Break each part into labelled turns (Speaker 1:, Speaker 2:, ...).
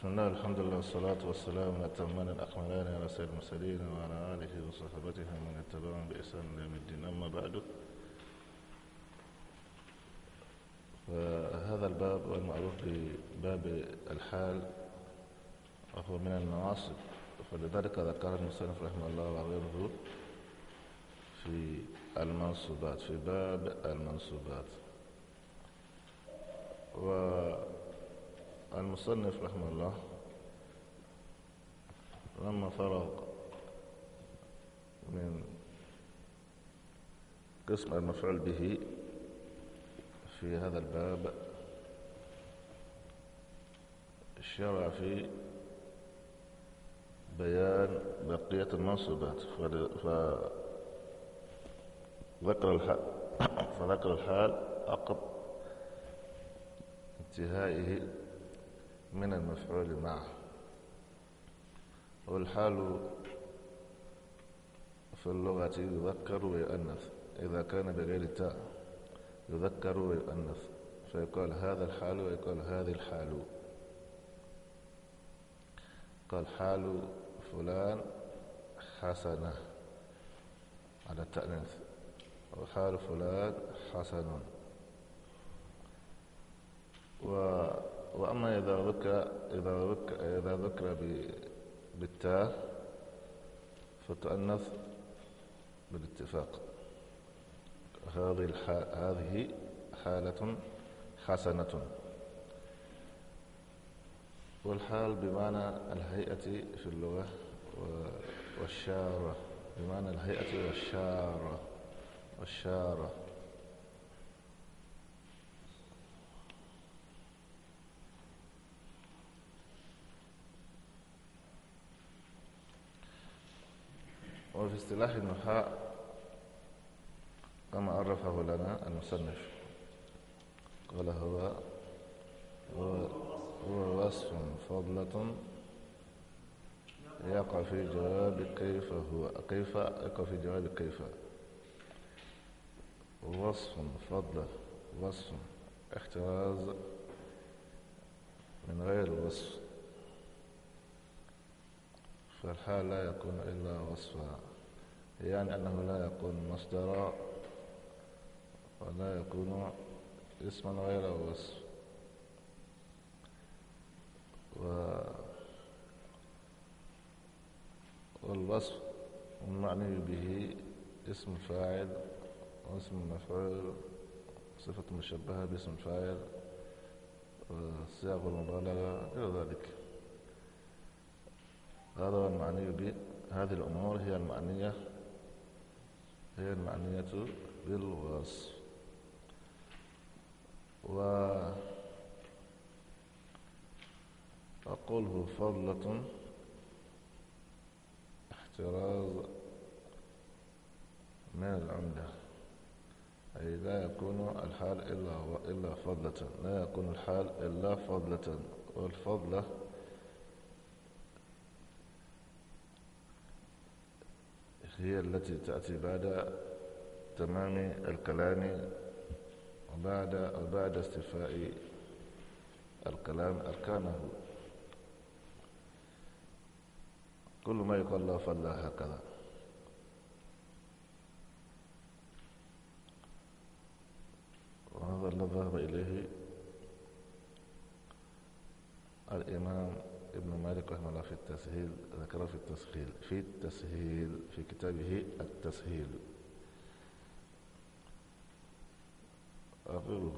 Speaker 1: بسم الله الحمد لله والصلاة والسلام الأتمان الأكملان على سيد المرسلين وعلى آله وصحبته من يتبعهم بإحسان إلى يوم الدين أما بعد فهذا الباب المعروف بباب الحال وهو من المناصب فلذلك ذكر المصنف رحمه الله وغيره في المنصوبات في باب المنصوبات و المصنف رحمه الله لما فرغ من قسم المفعول به في هذا الباب شرع في بيان بقية المنصوبات فذكر الحال فذكر الحال عقب انتهائه من المفعول معه والحال في اللغة يذكر ويؤنث إذا كان بغير التاء يذكر ويؤنث فيقال هذا الحال ويقال هذه الحال قال حال فلان حسنة على التأنيث وحال فلان حسن و وأما إذا ذكر إذا ذكر إذا ذكر بالتاء فتؤنث بالاتفاق هذه هذه حالة حسنة والحال بمعنى الهيئة في اللغة والشارة بمعنى الهيئة والشارة والشارة وفي اصطلاح النحاء كما عرفه لنا المصنف قال هو هو وصف فضلة يقع في جواب كيف هو كيف يقع في جواب كيف وصف فضلة وصف احتراز من غير وصف فالحال لا يكون إلا وصفا يعني أنه لا يكون مصدرا ولا يكون اسما غير وصف و والوصف المعني به اسم فاعل واسم مفعول صفة مشبهة باسم فاعل وصيغ المبالغة غير ذلك هذا هو المعني بهذه الأمور هي المعنية هي المعنية بالوصف و أقوله فضلة احتراز من العملة أي لا يكون الحال إلا إلا فضلة لا يكون الحال إلا فضلة والفضلة هي التي تأتي بعد تمام الكلام وبعد وبعد استفاء الكلام أركانه كل ما يقال له فلا هكذا وهذا الذي ذهب إليه الإمام ابن مالك رحمه الله في التسهيل ذكره في التسهيل في التسهيل في كتابه التسهيل أقوله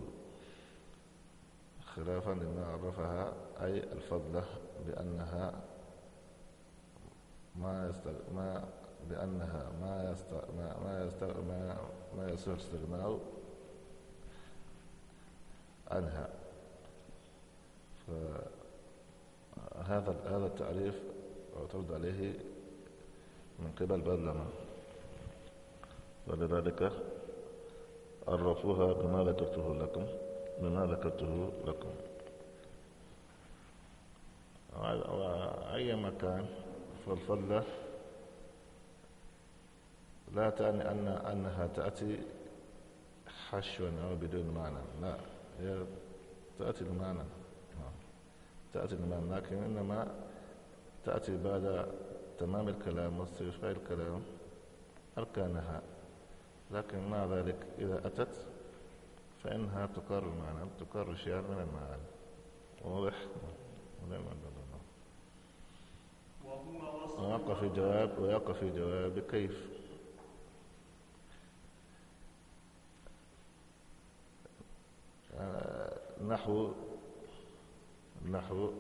Speaker 1: خلافا لما عرفها أي الفضلة بأنها ما يستغ... ما بأنها ما يست... ما ما, يست... ما... ما يصير استغناء عنها ف... هذا هذا التعريف اعترض عليه من قبل بدلنا ولذلك عرفوها بما ذكرته لكم بما ذكرته لكم وأي مكان فالفلة لا تعني أن أنها تأتي حشوا أو بدون معنى لا هي تأتي بمعنى تأتي الإمام لكن إنما تأتي بعد تمام الكلام واستشفاء الكلام أركانها لكن مع ذلك إذا أتت فإنها تقرر معنى تقرر شيئا من المعاني واضح ونعم الله ويقع في جواب ويقع في جواب كيف آه، نحو نحو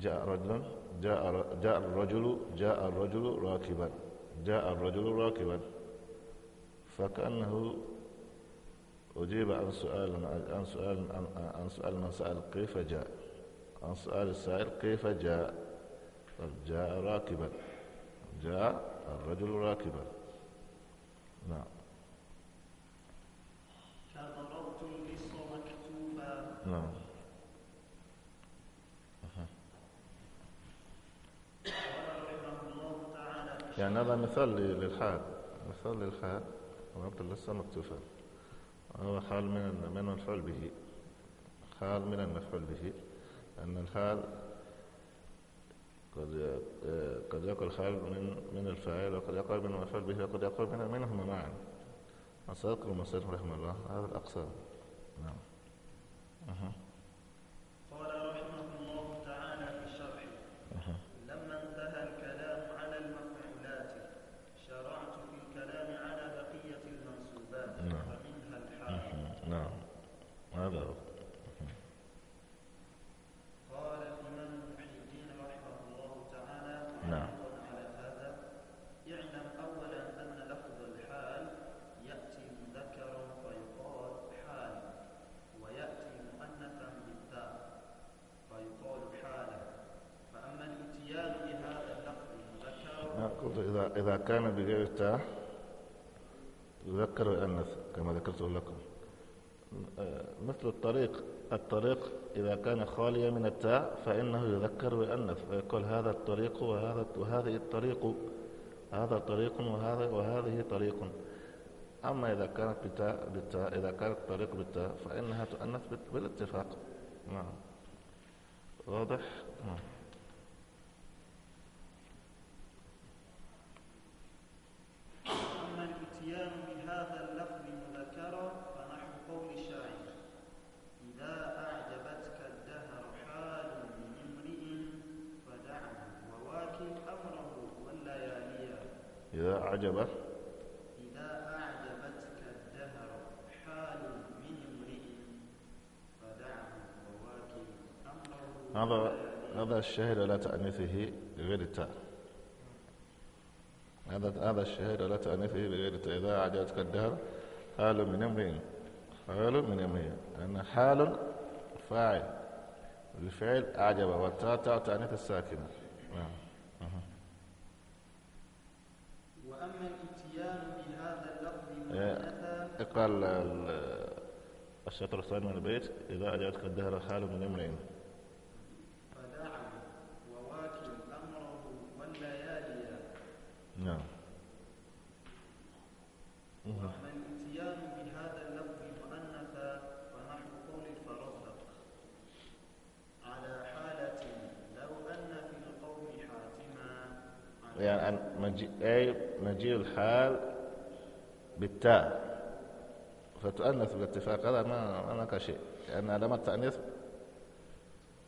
Speaker 1: جاء رجل جاء جاء الرجل جاء الرجل راكبا جاء الرجل راكبا فكأنه أجيب عن سؤال عن سؤال عن سؤال من سأل كيف جاء عن سؤال السائل كيف جاء جاء راكبا جاء الرجل راكبا نعم
Speaker 2: مكتوبا نعم
Speaker 1: يعني هذا مثال للحال مثال للحال ونبدأ لسه مكتوفا هو حال من من المفعول به حال من المفعول به أن الحال قد قد يقع الحال من من الفاعل وقد يقع من المفعول به وقد يقع من منهما معا مصادق ومصادق رحمه الله هذا الأقسام نعم أها قال رحمه إذا كان بغير تاء يذكر الأنث كما ذكرته لكم مثل الطريق الطريق إذا كان خاليا من التاء فإنه يذكر الأنث ويقول هذا الطريق وهذا وهذه الطريق هذا طريق وهذا وهذه طريق أما إذا كانت بتاء بالتاء إذا كانت طريق بالتاء فإنها تؤنث بالاتفاق نعم واضح نعم الشاهد على تأنيثه غير التاء هذا هذا الشاهد على تأنيثه غير التاء إذا عجبتك الدهر حال من امرئ حال من امرئ لأن حال فاعل الفعل أعجب والتاء تاء تأنيث الساكنة نعم
Speaker 2: وأما الاتيان بهذا اللفظ إيه، قال
Speaker 1: الشطر الثاني من البيت إذا أجابتك الدهر حال من امرئ نعم
Speaker 2: الاتيان بهذا اللفظ قول على حالة لو أن في القوم حاتما
Speaker 1: يعني مجيء أي مجيء الحال بالتاء فتؤنث بالاتفاق هذا ما هناك شيء لأن علامة التأنيث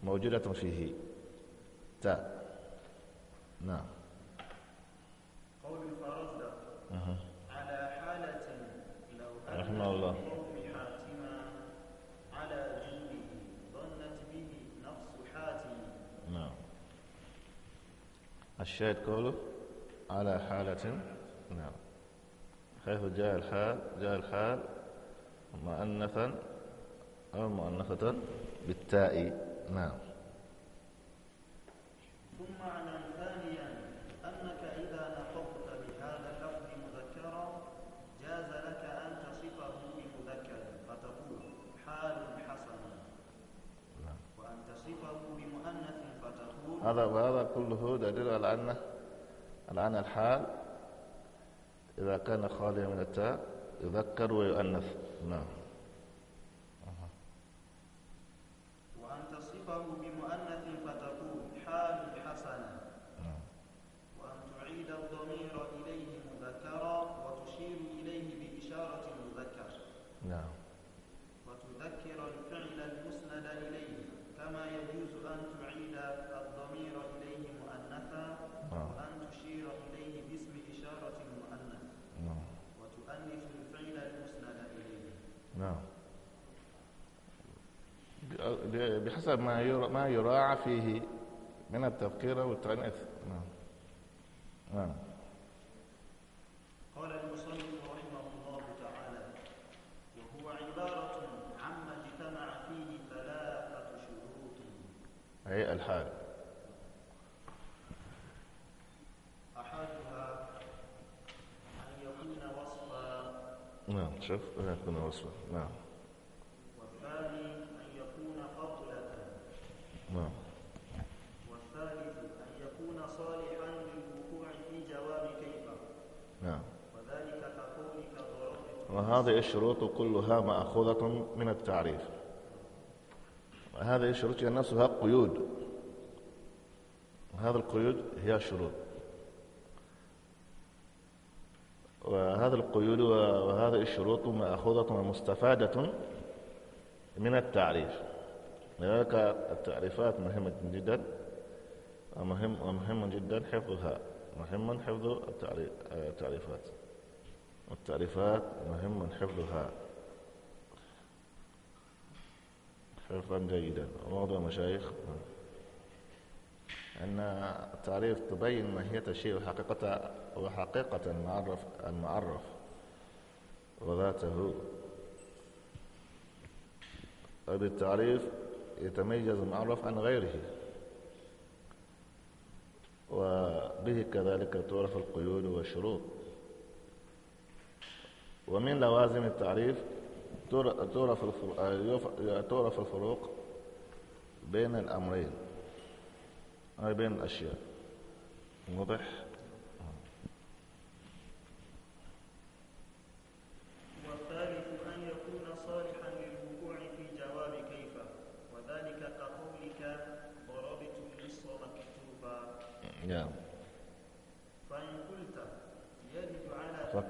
Speaker 1: موجودة فيه تاء نعم قول
Speaker 2: فرزدق على حالة لو رحمه الله قوم حاتما على جنبه ظنت به نفس حاتم
Speaker 1: نعم الشاهد قوله على حالة نعم حيث جاء الحال جاء الحال مؤنثا أو مؤنثة بالتاء نعم
Speaker 2: ثم على
Speaker 1: هذا وهذا كله دليل على أن على أن الحال إذا كان خاليا من التاء يذكر ويؤنث نعم بحسب ما يرا ما يراعى فيه من التذكرة والتأنيث نعم نعم
Speaker 2: قال المصنف رحمه الله تعالى وهو عبارة عما اجتمع فيه ثلاثة شروط
Speaker 1: أي الحال
Speaker 2: أحدها أن يكون وصفا
Speaker 1: نعم شوف أن يكون وصفا نعم الشروط كلها مأخوذة من التعريف وهذه الشروط هي نفسها قيود وهذه القيود هي شروط وهذا القيود وهذه الشروط مأخوذة ومستفادة من التعريف لذلك التعريفات مهمة جدا ومهم ومهم جدا حفظها مهم حفظ التعريفات والتعريفات مهم من حفظها حفظا جيدا واضح مشايخ أن التعريف تبين ماهية الشيء وحقيقة وحقيقة المعرف المعرف وذاته وبالتعريف يتميز المعرف عن غيره وبه كذلك تعرف القيود والشروط ومن لوازم التعريف تعرف آه، آه، تعرف الفروق بين الأمرين أي بين الأشياء واضح؟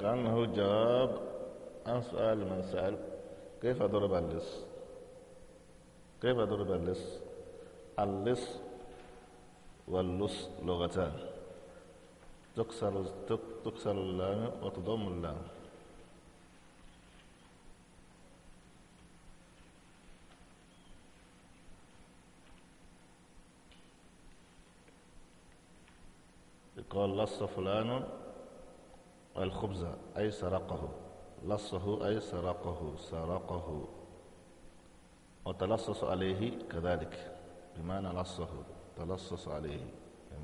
Speaker 1: كأنه جواب عن سؤال من سأل كيف ضرب اللص كيف ضرب اللص اللص واللص لغتان تكسر تكسر اللام وتضم اللام قال لص فلان الخبز أي سرقه لصه أي سرقه سرقه وتلصص عليه كذلك بمعنى لصه تلصص عليه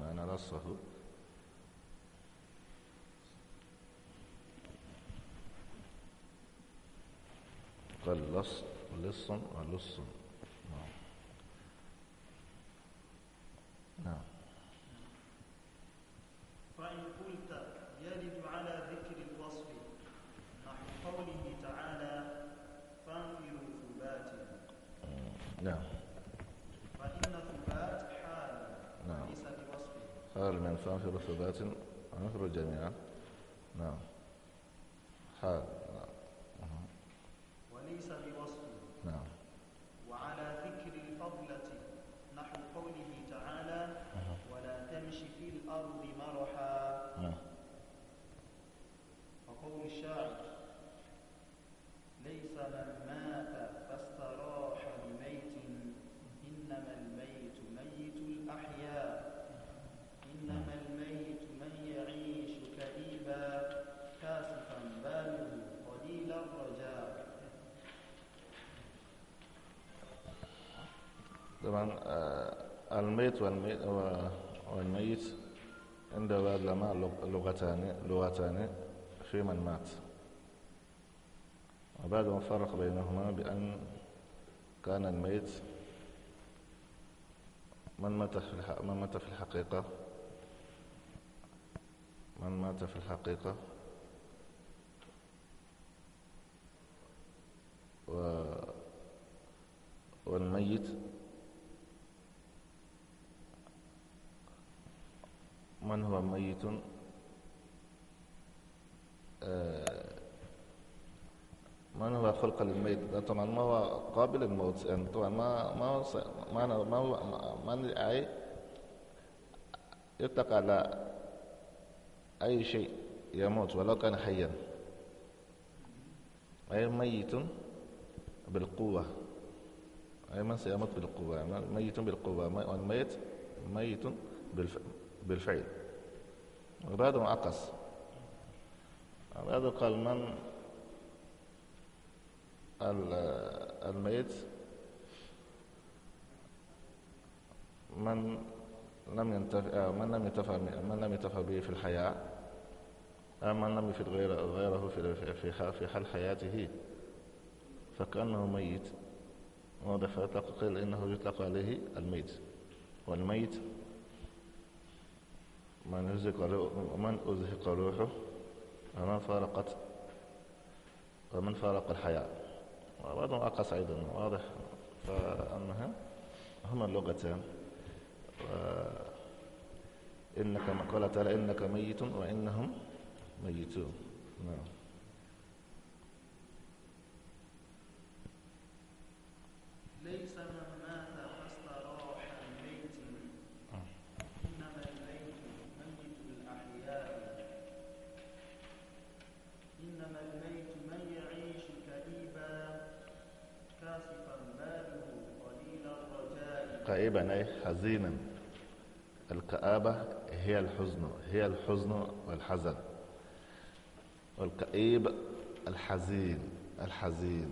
Speaker 1: بمعنى لصه قال لص لص ولص نعم نعم
Speaker 2: قلت نعم فإن
Speaker 1: نعم. حال من ثبات جميعا نعم حال نعم
Speaker 2: وليس بوصفه
Speaker 1: طبعا آه، الميت والميت, والميت عند العلماء لغتان لغتان في من مات وبعضهم فرق بينهما بأن كان الميت من مات في من مات في الحقيقة من مات في الحقيقة و والميت من هو ميت آه، من هو خلق للميت ده طبعا ما هو قابل الموت يعني طبعا ما ما ما أنا ما هو من أي يطلق على أي شيء يموت ولو كان حيا أي ميت بالقوة أي من سيموت بالقوة يعني ميت بالقوة والميت ميت بالفعل وبعده معقص وبعده قال من الميت من لم ينتفع آه، من لم ينتفع من لم ينتفع به في الحياة أو آه، من لم يفد غيره في في حال حياته فكأنه ميت واضح فيطلق قيل إنه يطلق عليه الميت والميت من أزهق من أزهق روحه ومن فارقت ومن فارق الحياة وبعضهم أقص أيضا واضح فأنها هما اللغتان إنك قال تعالى إنك ميت وإنهم ميتون نعم كان إيه حزينا الكآبة هي الحزن هي الحزن والحزن والكئيب الحزين الحزين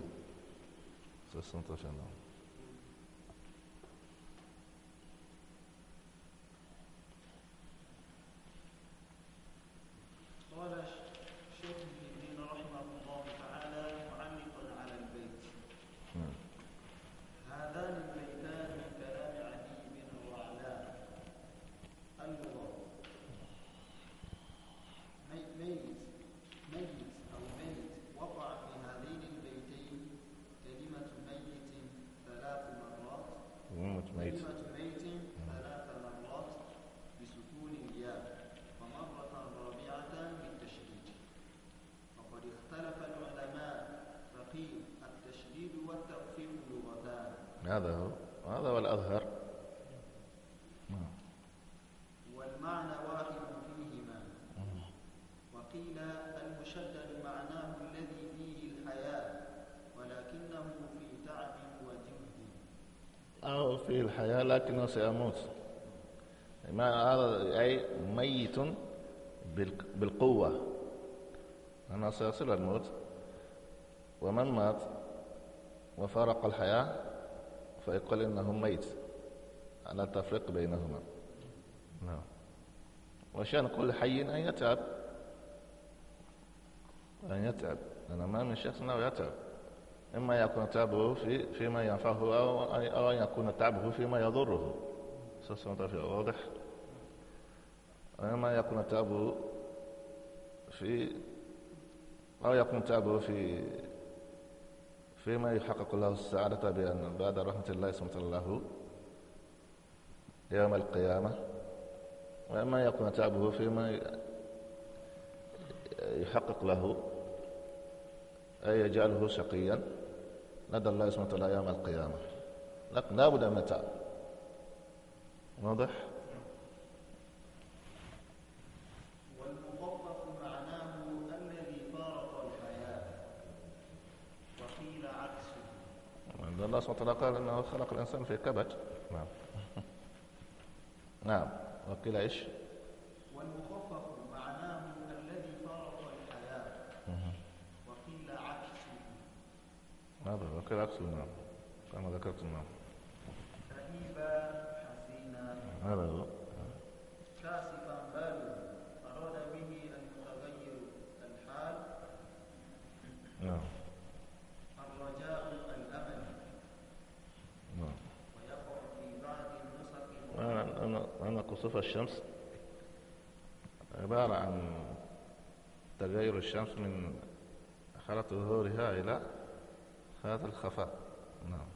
Speaker 1: أو في الحياة لكنه سيموت ما هذا أي ميت بالقوة أنا سيصل الموت ومن مات وفارق الحياة فيقول إنه ميت على التفريق بينهما نعم وشأن كل حي أن يتعب أن يتعب أنا ما من شخص أنه يتعب إما يكون تعبه في فيما ينفعه أو أو يكون تعبه فيما يضره واضح إما يكون تعبه في أو يكون تعبه في فيما يحقق له السعادة بأن بعد رحمة الله سبحانه له يوم القيامة وإما يكون تعبه فيما يحقق له أي يجعله شقيا لدى الله سبحانه وتعالى يوم القيامة لكن لابد أن نتعب واضح؟ الله سبحانه وتعالى قال انه خلق الانسان في كبد نعم نعم وقيل ايش؟ والمخاطب هذا ذكر عكس النعم كما ذكرت النعم
Speaker 2: كئيبا حزينا هذا هو كاسفا بالغا أراد به أن يغير الحال نعم الرجاء الأمل
Speaker 1: نعم ويقع في
Speaker 2: بعض النسخ
Speaker 1: أنا أنا أنا كصف الشمس عبارة عن تغير الشمس من حالة ظهورها إلى هذا الخفاء نعم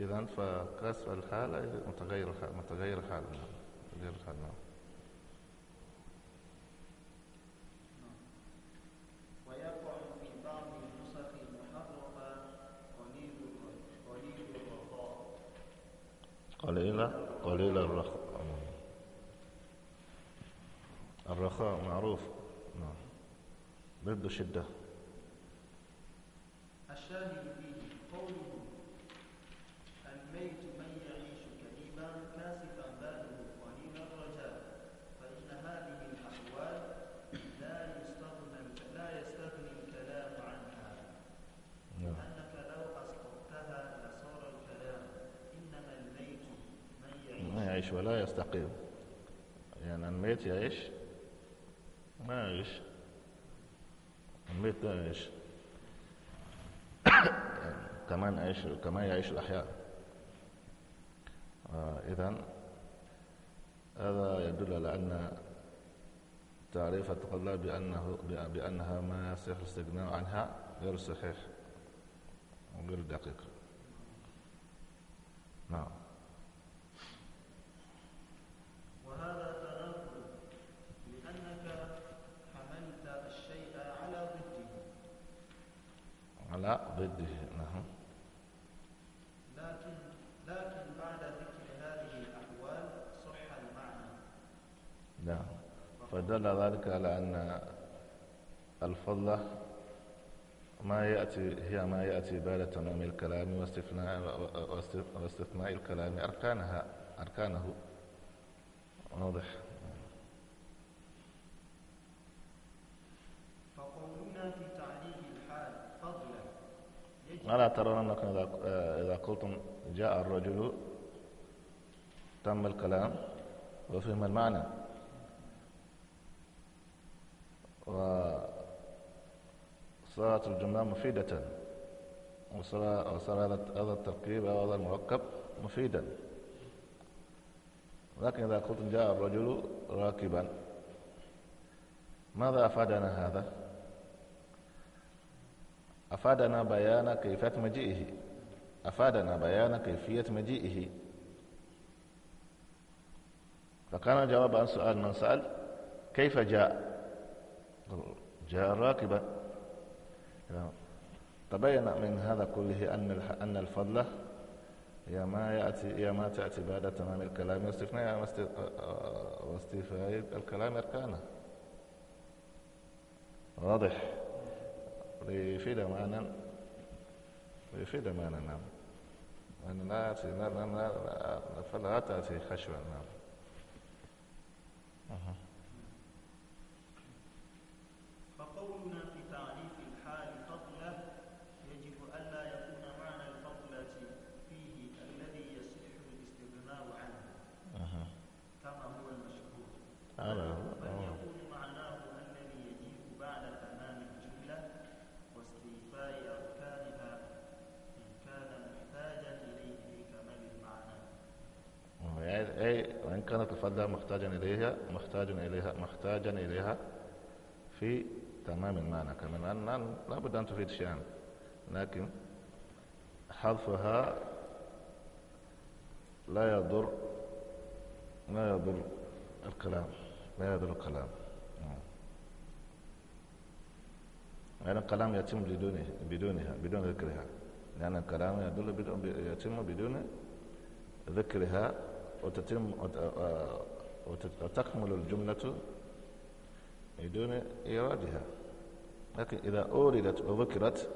Speaker 1: إذا فكسر الحالة متغير الحالة متغير الحالة نعم متغير الحالة نعم قليلة قليلة الرخاء الرخاء معروف نعم ضد شده
Speaker 2: الشاهد فيه قوله الميت من يعيش كئيبا كاسفا باله قليل الرجاء فإن هذه الأحوال لا يستغنى لا يستغني الكلام عنها نعم. لأنك لو أسقطتها لصار الكلام إنما الميت من
Speaker 1: يعيش يعيش ولا يستقيم يعني الميت يعيش ما يعيش الميت لا يعيش كما نعيش كما يعيش الأحياء آه، إذا هذا يدل على أن تعريف الله بأنه بأنها ما يصح الاستغناء عنها غير صحيح وغير دقيق نعم
Speaker 2: وهذا تناقض حملت الشيء على ضده
Speaker 1: على ضده ودل ذلك على أن الفضلة ما يأتي هي ما يأتي بعد تمام الكلام واستثناء واستثناء الكلام أركانها أركانه واضح
Speaker 2: فقولنا في الحال فضلا
Speaker 1: ألا ترون أنكم إذا قلتم جاء الرجل تم الكلام وفهم المعنى صارت الجملة مفيدة وصار وصار هذا التركيب أو هذا المركب مفيدا لكن إذا قلت جاء الرجل راكبا ماذا أفادنا هذا؟ أفادنا بيان كيفية مجيئه أفادنا بيان كيفية مجيئه فكان جواب عن سؤال من سأل كيف جاء؟ جاء راكبا نعم. تبين من هذا كله أن أن الفضل هي ما يأتي هي ما تأتي بعد تمام الكلام واستثناء واستيفاء آه، الكلام أركانه واضح ويفيد معنا ويفيد معنا نعم أن لا تأتي لا لا لا فلا تأتي خشوة نعم
Speaker 2: فقولنا المعنى. آه.
Speaker 1: آه، أي إيه، وإن كانت الفضلة محتاجا إليها محتاجا إليها محتاجا إليها في تمام المعنى كما أن لا بد أن تفيد شيئا لكن حذفها لا يضر لا يضر الكلام لا يدل الكلام لأن نعم. يعني الكلام يتم بدونه بدونها بدون ذكرها لأن يعني الكلام يدل يتم بدون ذكرها وتتم وتكمل الجملة بدون إيرادها لكن إذا أوردت وذكرت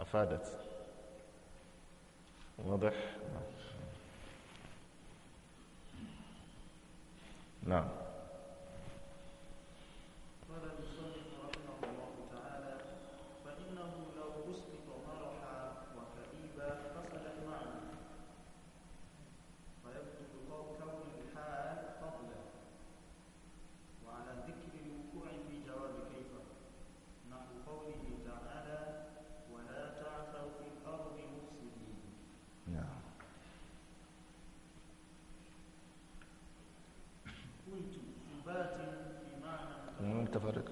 Speaker 1: أفادت واضح؟ نعم No.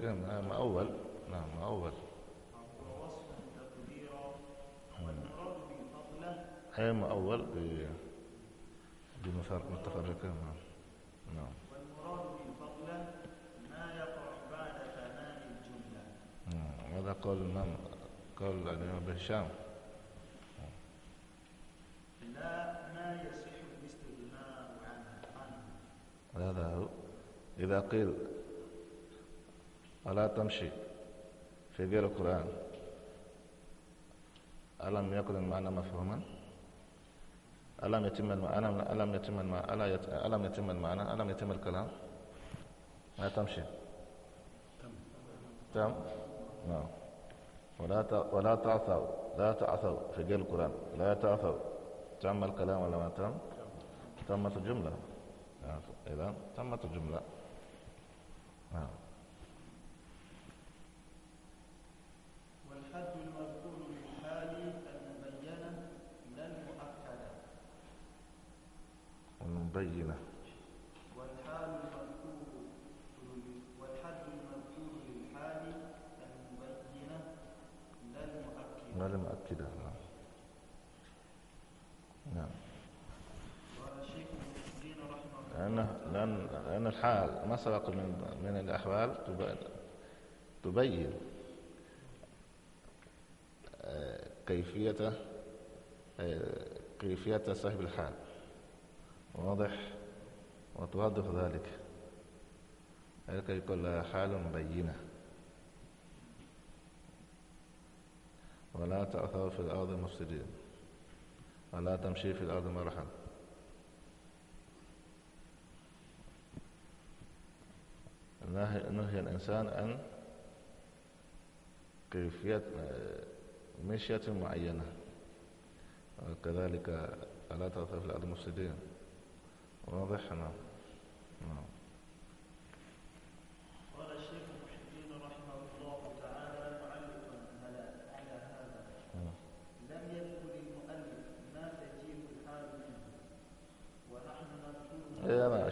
Speaker 1: كان نعم، ما نعم، أول نعم أول هي نعم. ما أول بمتفرقة نعم نعم
Speaker 2: ما يقع
Speaker 1: هذا قال الإمام قال الإمام بهشام
Speaker 2: لا ما يصح الاستغناء
Speaker 1: عنه هذا هو إذا قيل ولا تمشي في غير القرآن ألم يكن المعنى مفهوما ألم يتم المعنى ألم يتم المعنى ألم يتم المعنى ألم يتم الكلام لا تمشي تم نعم ولا ولا تعثوا لا تعثوا في غير القرآن لا تعثوا تم الكلام ولا ما تم تمت الجملة نعم. إذا تمت الجملة نعم الحال ما سبق من الأحوال تبين آه، كيفية آه، كيفية صاحب الحال واضح وتوضح ذلك لكي لها حال بينة ولا تأثر في الأرض مفسدين ولا تمشي في الأرض مرحا نهي الإنسان عن كيفية مشية معينة وكذلك ألا تغتفل المفسدين واضح نعم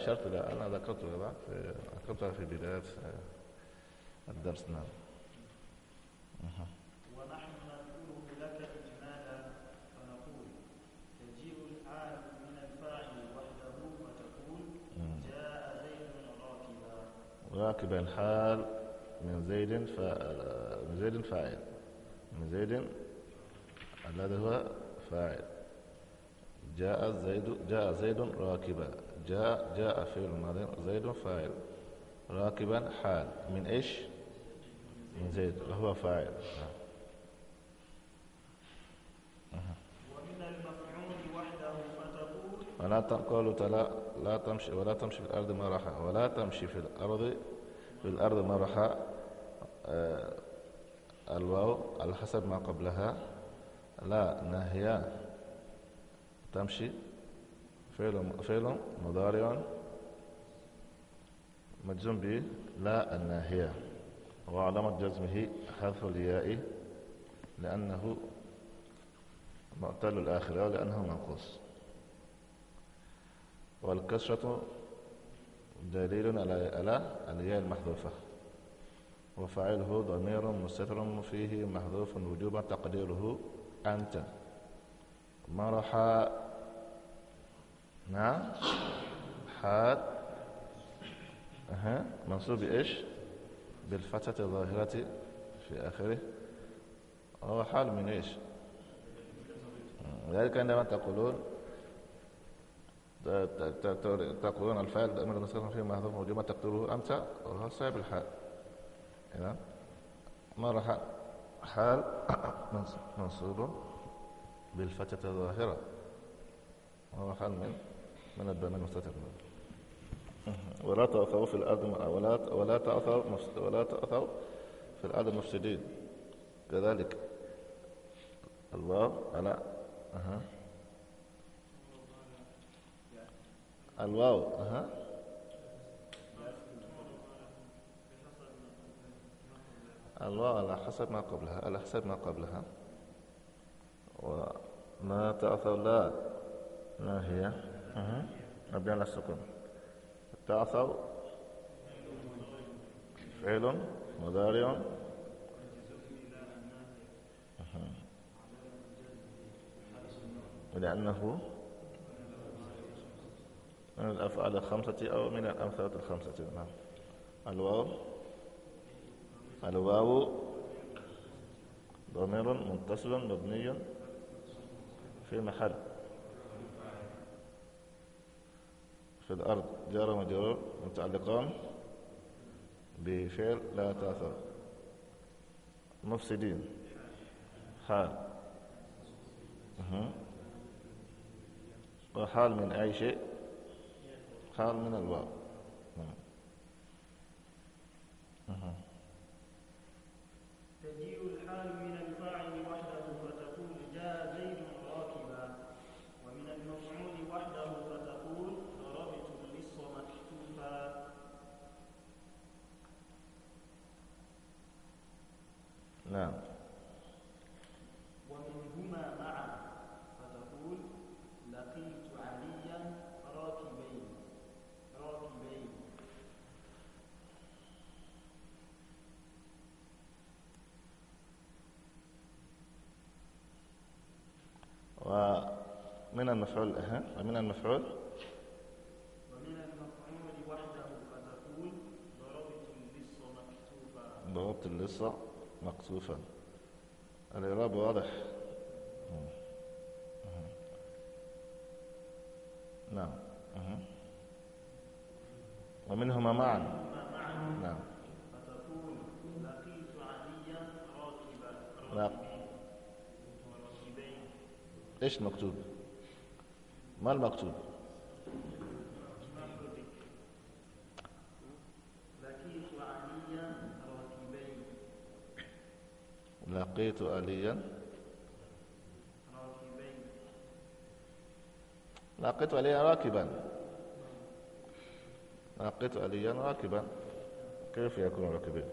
Speaker 1: أشرت لها أنا ذكرتها بعد ذكرتها في بداية آه، الدرس نعم ونحن
Speaker 2: نذكره لك إجمالا فنقول تجيء من الفاعل وحده وتقول جاء زيد راكبا
Speaker 1: راكبا الحال من زيد فاعل من زيد فاعل من زيد الذي هو فاعل جاء زيد جاء زيد راكبا جاء جاء فعل ماضي زيد فاعل راكبا حال من ايش من زيد وهو فاعل ومن المفعول وحده فتقول ولا تقول تلا لا تمشي ولا تمشي في الارض مرحا ولا تمشي في الارض في الارض مرحا آه، الواو على حسب ما قبلها لا نهيا تمشي فعلا فعلا مضارعا مجزوم به لا الناهية وعلامة جزمه حذف الياء لأنه معتل الآخرة لأنه منقوص والكسرة دليل على الياء المحذوفة وفاعله ضمير مستتر فيه محذوف وجوبا تقديره أنت مرحا نعم حاد أها منصوب بإيش بالفتحة الظاهرة في آخره هو حال من إيش ذلك عندما تقولون تقولون الفعل أمر مستقر فيه محذوف وجمع تقتله أنت وهو صعب الحال نعم مرة حال حال منصوب بالفتحة الظاهرة هو حال من من الدم المستتر ولا تأثروا في الأرض ولا ولا تأثروا ولا تأثروا في الأرض مفسدين كذلك الله على أها الواو أها الواو على حسب ما قبلها على حسب ما قبلها وما تأثر لا ما هي؟ مبني على السكون التعثر فعل مضارع ولأنه من الأفعال الخمسة أو من الأمثلة الخمسة نعم الواو الواو ضمير متصل مبني في محل في الأرض جار مجرور متعلقان بفعل لا تأثر مفسدين حال وحال من أي شيء حال من الواو نعم.
Speaker 2: تجيء الحال من
Speaker 1: من المفعول أها ومن المفعول
Speaker 2: ومن المفعول وحده فتقول ضربت اللص
Speaker 1: مكتوفا ضربت اللص مكتوفا الإعراب واضح نعم ومنهما معا نعم فتقول
Speaker 2: لقيت عليا
Speaker 1: راكبا راكبين ايش مكتوب؟ ما المقصود لقيت عليا لقيت عليا راكبا لقيت عليا راكبا كيف يكون راكبين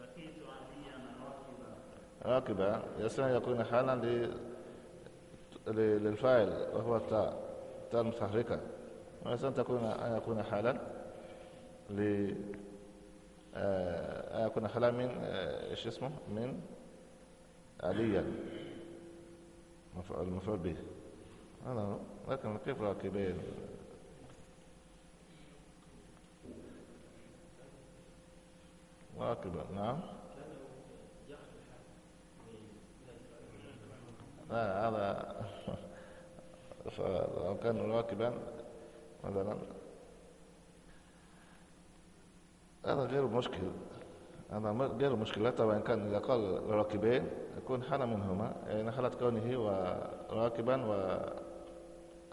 Speaker 1: راكبا راكبا يسمى يكون حالا للفاعل وهو تاء تاء متحركة وعسى أن تكون أن يكون حالا ل آه، أن يكون حالا من آه، إيش اسمه من عليا المفعول به أنا لكن كيف راكبين راكبا نعم آه، هذا فلو كان راكبا مثلا هذا غير مشكل هذا غير مشكل طبعا وإن كان إذا قال راكبين يكون حالة منهما يعني حالة كونه وراكبا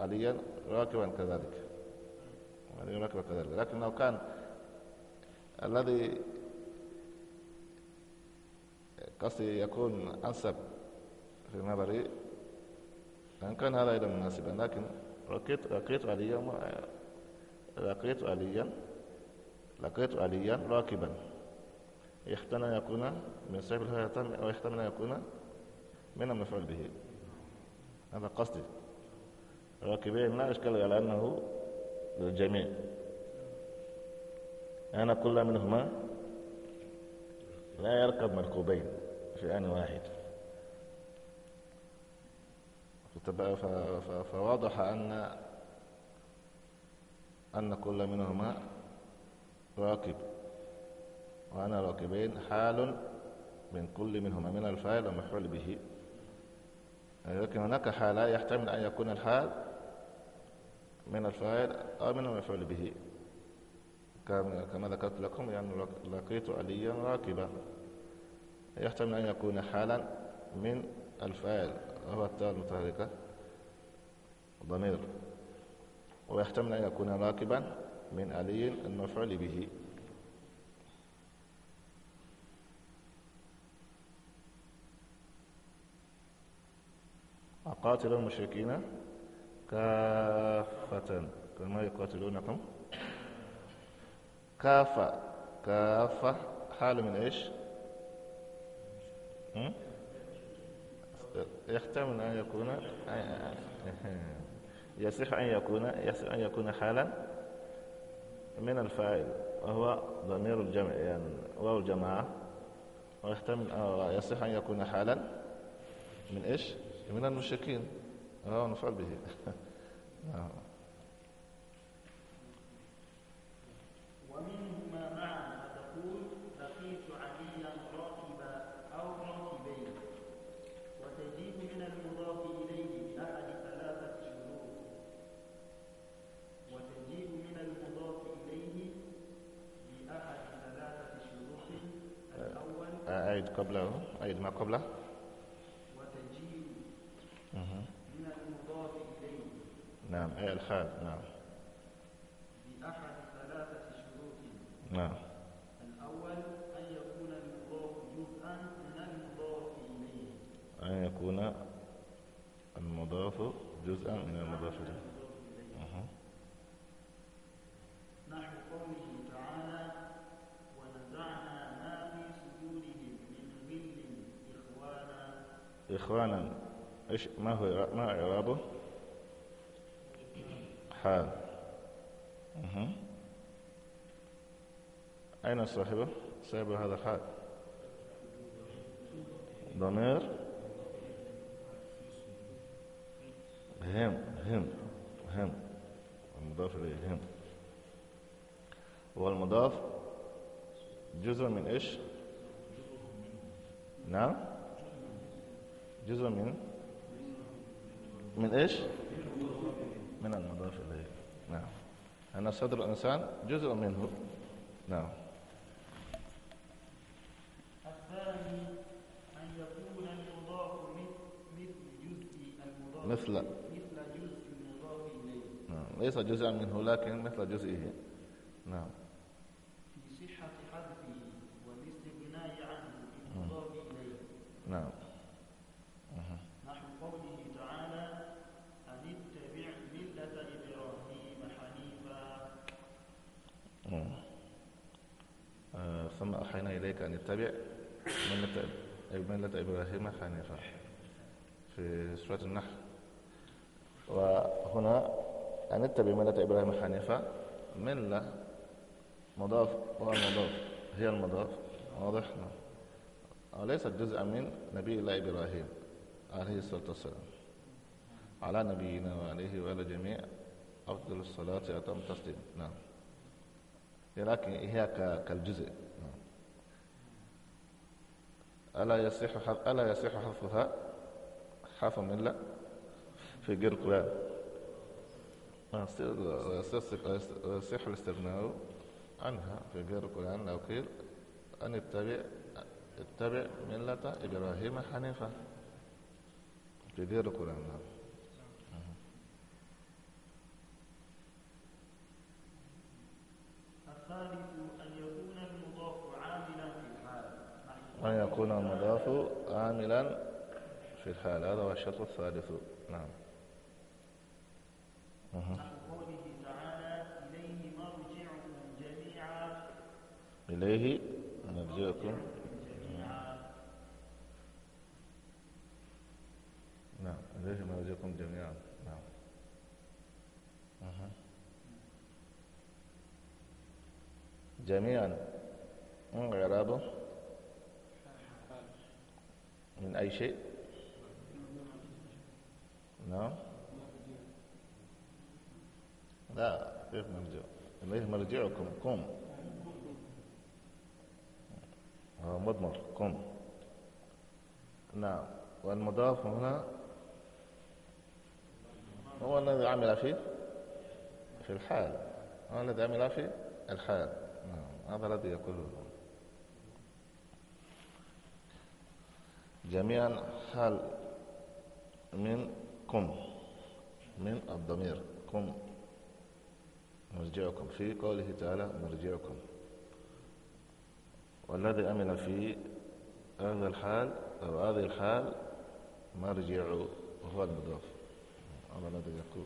Speaker 1: وعليا راكبا كذلك يعني راكبا كذلك لكن لو كان الذي قصدي يكون أنسب في نظري أن كان هذا أيضا مناسبا لكن لقيت لقيت عليا لقيت عليا لقيت عليا راكبا يحتمل أن يكون من صاحب الهيتم ويحتمل أن يكون من المفعول به هذا قصدي راكبين لا إشكال على أنه للجميع أنا كل منهما لا يركب مركوبين في آن واحد فواضح أن أن كل منهما راكب وأنا راكبين حال من كل منهما من الفاعل ومفعول به لكن هناك حالة يحتمل أن يكون الحال من الفاعل أو من المفعول به كما ذكرت لكم يعني لقيت عليا راكبا يحتمل أن يكون حالا من الفاعل هبت تهريكه ضمير ويحتمل أن يكون راكبا من آلي المفعول به أقاتل المشركين كافة كما يقاتلونكم كافة كافة حال من ايش؟ م? يحتمل أن يكون يصح أن يكون يصح أن يكون حالا من الفاعل وهو ضمير الجمع يعني واو الجماعة ويحتمل يصح أن يكون حالا من إيش؟ من المشركين وهو نفعل به نعم.
Speaker 2: ومنه قبله أي ما قبله من المضاف إليه
Speaker 1: نعم أي الخال نعم
Speaker 2: بأحد ثلاثة شروط
Speaker 1: نعم الأول أن يكون المضاف جزءا من المضاف إليه أن يكون المضاف جزءا من المضاف إليه إخوانا إيش ما هو ما إعرابه حال مه. أين صاحبه صاحب هذا الحال ضمير هم هم هم المضاف إليه هم والمضاف جزء من إيش نعم جزء من من إيش من المضاف إليه نعم أنا صدر الإنسان جزء منه نعم
Speaker 2: الثاني أن يكون مثل جزء المضاف مثل مثل جزء
Speaker 1: المضاف إليه نعم ليس جزءا منه لكن مثل جزئه نعم
Speaker 2: في صحة حذفه والاستغناء عنه بالمضاف إليه
Speaker 1: نعم أوحينا إليك أن اتبع ملة إبراهيم حنيفا في سورة النحل وهنا أن اتبع ملة إبراهيم حنيفا ملة مضاف والمضاف هي المضاف واضح نعم. وليست جزءا من نبي الله إبراهيم عليه الصلاة والسلام على نبينا وعليه وعلى جميع أفضل الصلاة وأتم التسليم نعم لكن هي كالجزء ألا يصح ألا يصح حفظها حرف من لا في غير القرآن يصح الاستغناء عنها في القرآن لو قيل أن يتبع اتبع ملة إبراهيم حنيفة في القرآن نعم
Speaker 2: الثالث
Speaker 1: أن يكون المضاف عاملا في الحال هذا هو الشرط الثالث نعم
Speaker 2: قوله تعالى إليه مرجعكم جميعا
Speaker 1: إليه مرجعكم نعم إليه مرجعكم جميعا نعم أه. جميعا إعرابه من أي شيء نعم لا كيف نرجع إليه مرجعكم قم آه، مضمر قم نعم والمضاف هنا هو الذي عمل في في الحال هو الذي عمل في الحال نعم هذا الذي يقوله جميعا حال منكم من الضمير كم مرجعكم في قوله تعالى مرجعكم والذي أمن في هذا الحال أو هذه الحال مرجع وهو المضاف على الذي يقول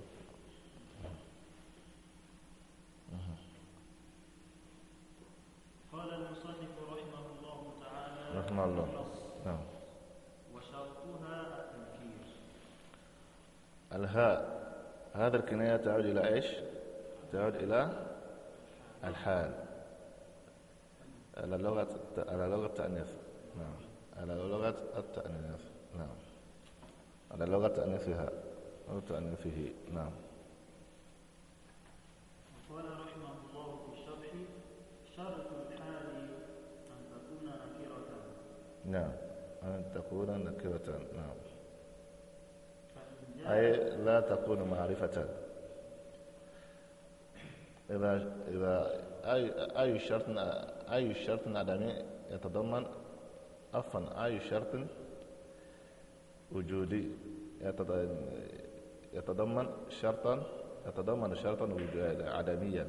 Speaker 2: قال المصنف رحمه الله تعالى رحمه الله
Speaker 1: الهاء هذا الكناية تعود إلى إيش تعود إلى الحال على لغة على لغة التأنيث نعم على لغة التأنيث نعم على لغة تأنيثها أو تأنيثه نعم
Speaker 2: وقال رحمه الله في الشرح شرط الحال أن تكون نكرة
Speaker 1: نعم أن تكون نكرة نعم أي لا تكون معرفة إذا إذا أي أي شرط أي شرط عدمي يتضمن عفوا أي شرط وجودي يتضمن شرطا يتضمن شرطا عدميا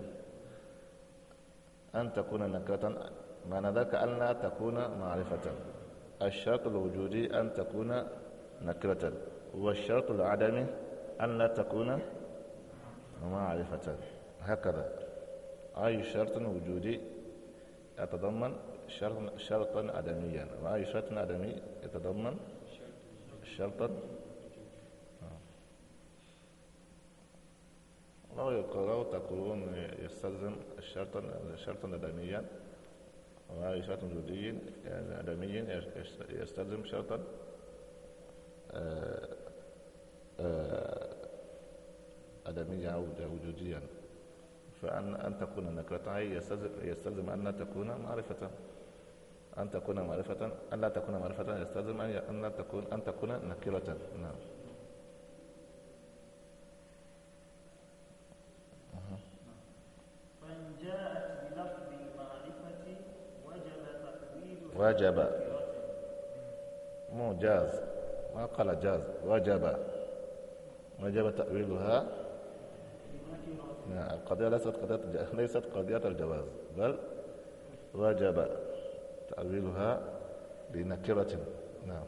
Speaker 1: أن تكون نكرة معنى ذاك أن لا تكون معرفة الشرط الوجودي أن تكون نكرة والشرط العدمي أن لا تكون معرفة هكذا أي شرط وجودي يتضمن شرط شرطا عدميا وأي شرط عدمي يتضمن شرطا لو يقرأ تقولون يستلزم شرطا شرطا عدميا وأي شرط وجودي يعني عدمي يستلزم شرطا آه أدمية أو وجوديا فأن أن تكون نكرة يستلزم أن لا تكون معرفة أن تكون معرفة أن لا تكون معرفة يستلزم أن لا تكون أن تكون نكرة نعم وجب مو جاز ما قال جاز وجب وجب تأويلها نعم القضية ليست قضية ليست قضية الجواز بل وجب تأويلها بنكرة نعم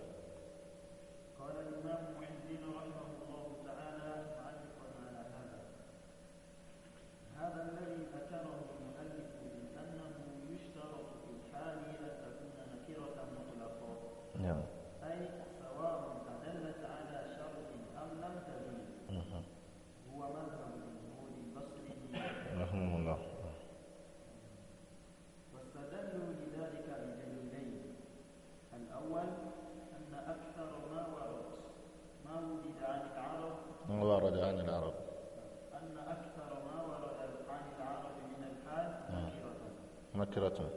Speaker 1: وبركاته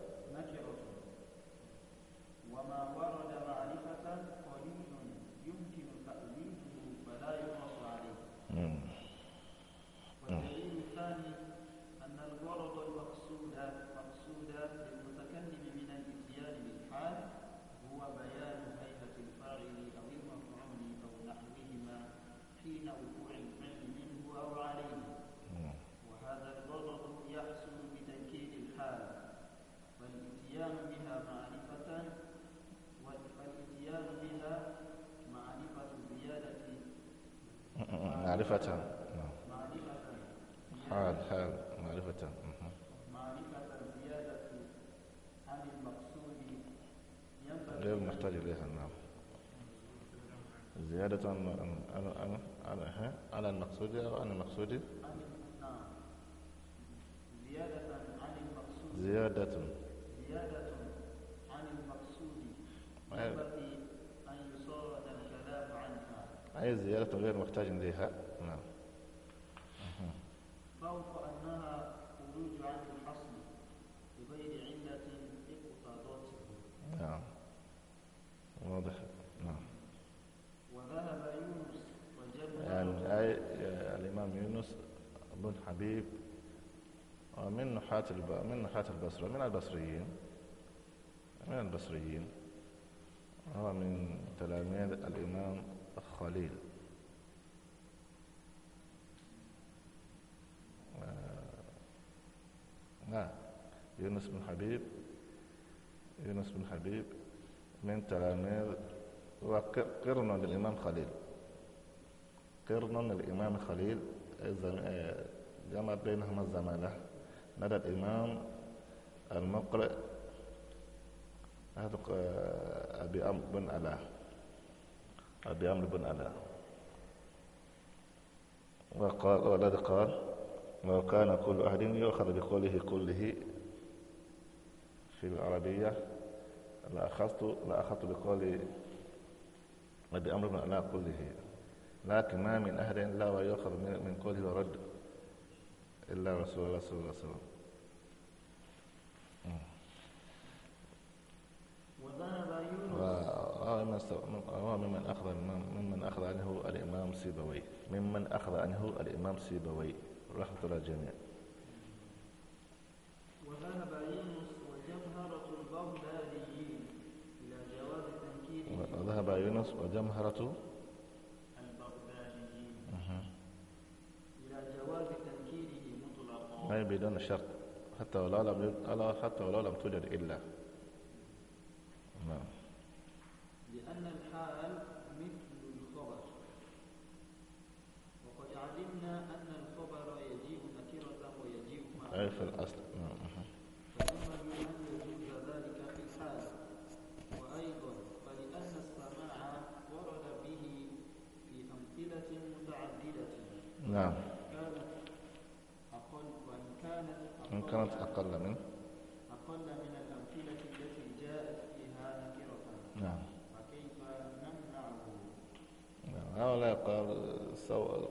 Speaker 1: معرفة نعم.
Speaker 2: حال حال معرفة معرفة زيادة عن المقصود غير محتاج
Speaker 1: إليها نعم زيادة عن عن عن عن المقصود أو عن المقصود
Speaker 2: زيادة عن المقصود زيادة زيادة عن المقصود
Speaker 1: ينبغي
Speaker 2: أن يصاد الكلام عنها
Speaker 1: أي زيادة غير محتاج إليها
Speaker 2: الخوف أنها خروج عن الأصل بغير علة اقتضته نعم
Speaker 3: واضح
Speaker 1: نعم
Speaker 2: وذهب يونس وجمع يعني
Speaker 1: الإمام يونس بن حبيب من نحاة من نحاة البصرة من البصريين من البصريين هو من تلاميذ الإمام الخليل يونس بن حبيب يونس بن حبيب من تلاميذ وقرن للإمام خليل قرن للإمام خليل آه، جمع بينهما الزمالة مدى الإمام المقرئ هذا آه، أبي أمر بن ألا أبي أمر بن ألا وقال والذي قال لو كان كل أحد يؤخذ بقوله كله في العربية لأخذت لأخذت بقول بأمر من ألا كله لكن ما من أحد لا ويؤخذ من قوله ورد إلا رسول الله صلى الله عليه وسلم
Speaker 2: وذهب يونس
Speaker 1: آه، آه، ممن أخذ ممن أخذ عنه الإمام سيبوي ممن أخذ عنه الإمام سيبوي رحمة الله جميعا
Speaker 4: وذهب
Speaker 2: يونس وجمهرة البغداديين إلى جواز تنكيره
Speaker 1: وذهب يونس وجمهرة البغداديين إلى جواز تنكيره مطلقا أي بدون شرط حتى ولو لم حتى ولو لم توجد إلا نعم
Speaker 2: لأن الحال غير في الأصل نعم أقل وإن كانت إن كانت أقل من أقل من الأمثلة التي جاءت فيها نكرة نعم فكيف نمنعه؟
Speaker 1: نعم هؤلاء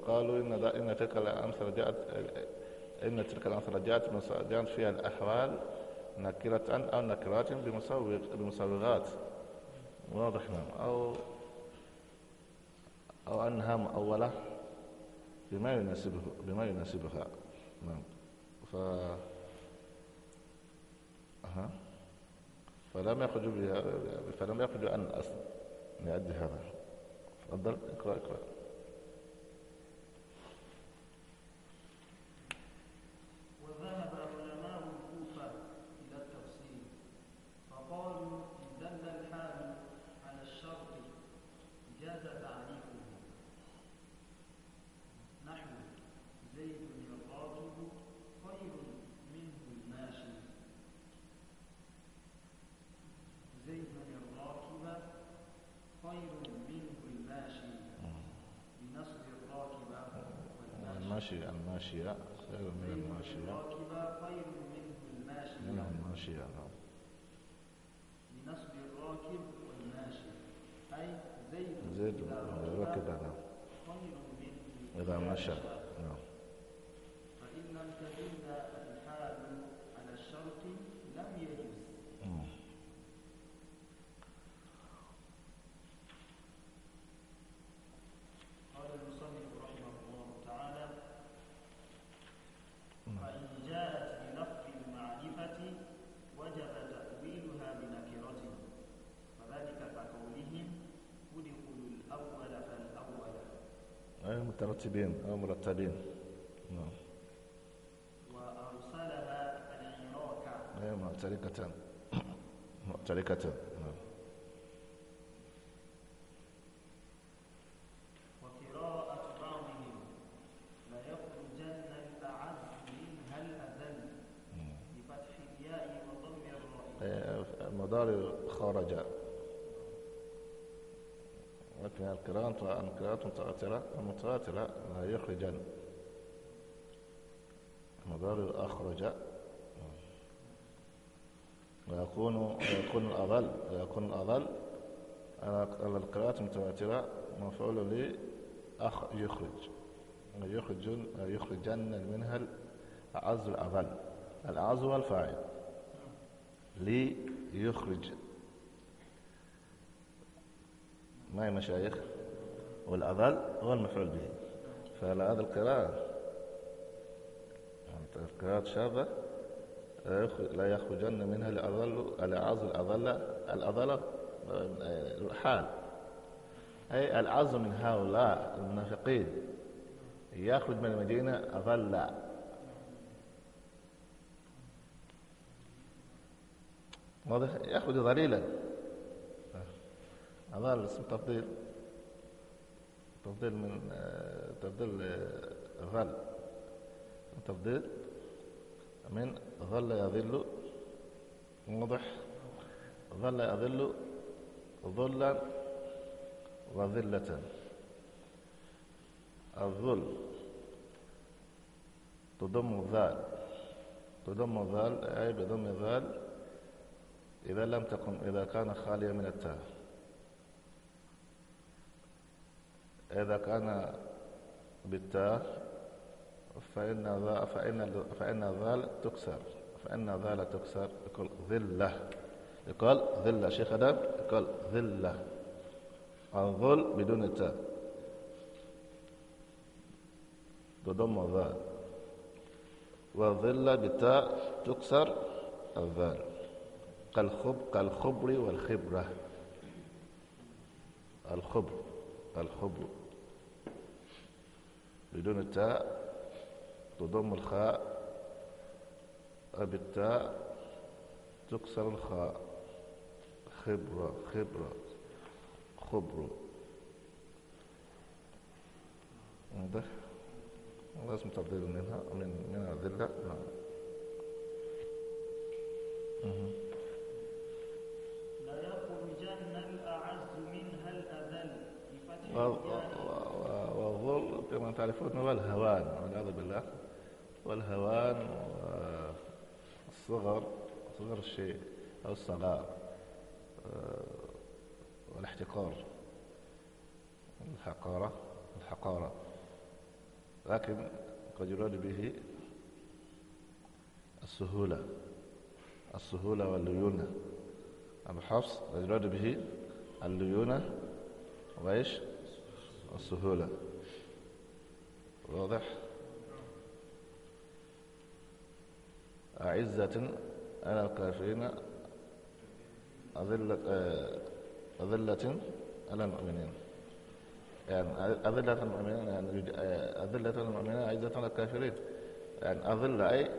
Speaker 1: قالوا قالوا إن إن تلك الأمثلة جاءت إن تلك الأمثلة جاءت فيها الأحوال نكرة أو نكرات بمصوغ بمسوغات واضح نعم أو أو أنها مؤولة بما يناسبه بما يناسبها نعم ف أها فلم يخرجوا بها فلم يخرجوا عن الأصل لأجل هذا تفضل اقرأ اقرأ
Speaker 2: ذهب علماء الكوفة إلى التفصيل فقالوا إن دل الحال على الشرط جاز تعريفه نحو زيد يقاطب خير منه الماشي زيد الراكب خير منه الماشي بنصب الراكب
Speaker 1: والماشي الماشية أيوة من الماشية
Speaker 2: من الماشية نعم بنصب الراكب والماشي أي زيد زيد ركب نعم إذا مشى
Speaker 1: مرتبين أو مرتبين نعم
Speaker 2: وأرسلها العراق
Speaker 1: أي معتركة معتركة القراءات متواترة المتواترة لا يخرجن مضارر أخرج ويكون يكون الأضل ويكون الأضل على القراءات المتواترة مفعول لي أخ يخرج يخرج يخرجن منها الأعز الأضل الأعز هو الفاعل ليخرج معي مشايخ والأضل هو المفعول به فعلى هذا القراءة القراءة يعني شاذة لا يخرجن منها الأضل الأعز الأضل الأضل الحال آه، أي الأعز من هؤلاء المنافقين يخرج من المدينة أضل واضح يخرج ضليلا هذا اسم تفضيل تفضيل من تفضيل غل تفضيل من ظل يظل واضح ظل يظل ظلا وظلة الظل تضم ظال تضم ظال أي بضم ظال إذا لم تكن إذا كان خاليا من التاء إذا كان بالتاء فإن ذا فإن فإن ذال تكسر فإن ذال تكسر يقول ذلة يقول ذلة شيخ أدم يقول ذلة الظل بدون التاء تضم الذال والظلة بالتاء تكسر الذال كالخب كالخبر والخبرة الخبر الحب بدون التاء تضم الخاء بالتاء تكسر الخاء خبرة خبرة خبرة واضح لازم تضل منها من من الذلة نعم لا والظل كما تعرفون هو الهوان والعياذ بالله والهوان والصغر صغر الشيء أو الصغار آه، والاحتقار الحقارة الحقارة لكن قد يراد به السهولة السهولة والليونة أبو حفص يراد به الليونة وإيش السهولة واضح أعزة على الكافرين أذلة آه، أذلة على المؤمنين يعني أذلة المؤمنين يعني آه، أذلة المؤمنين أعزة على الكافرين يعني أذلة أي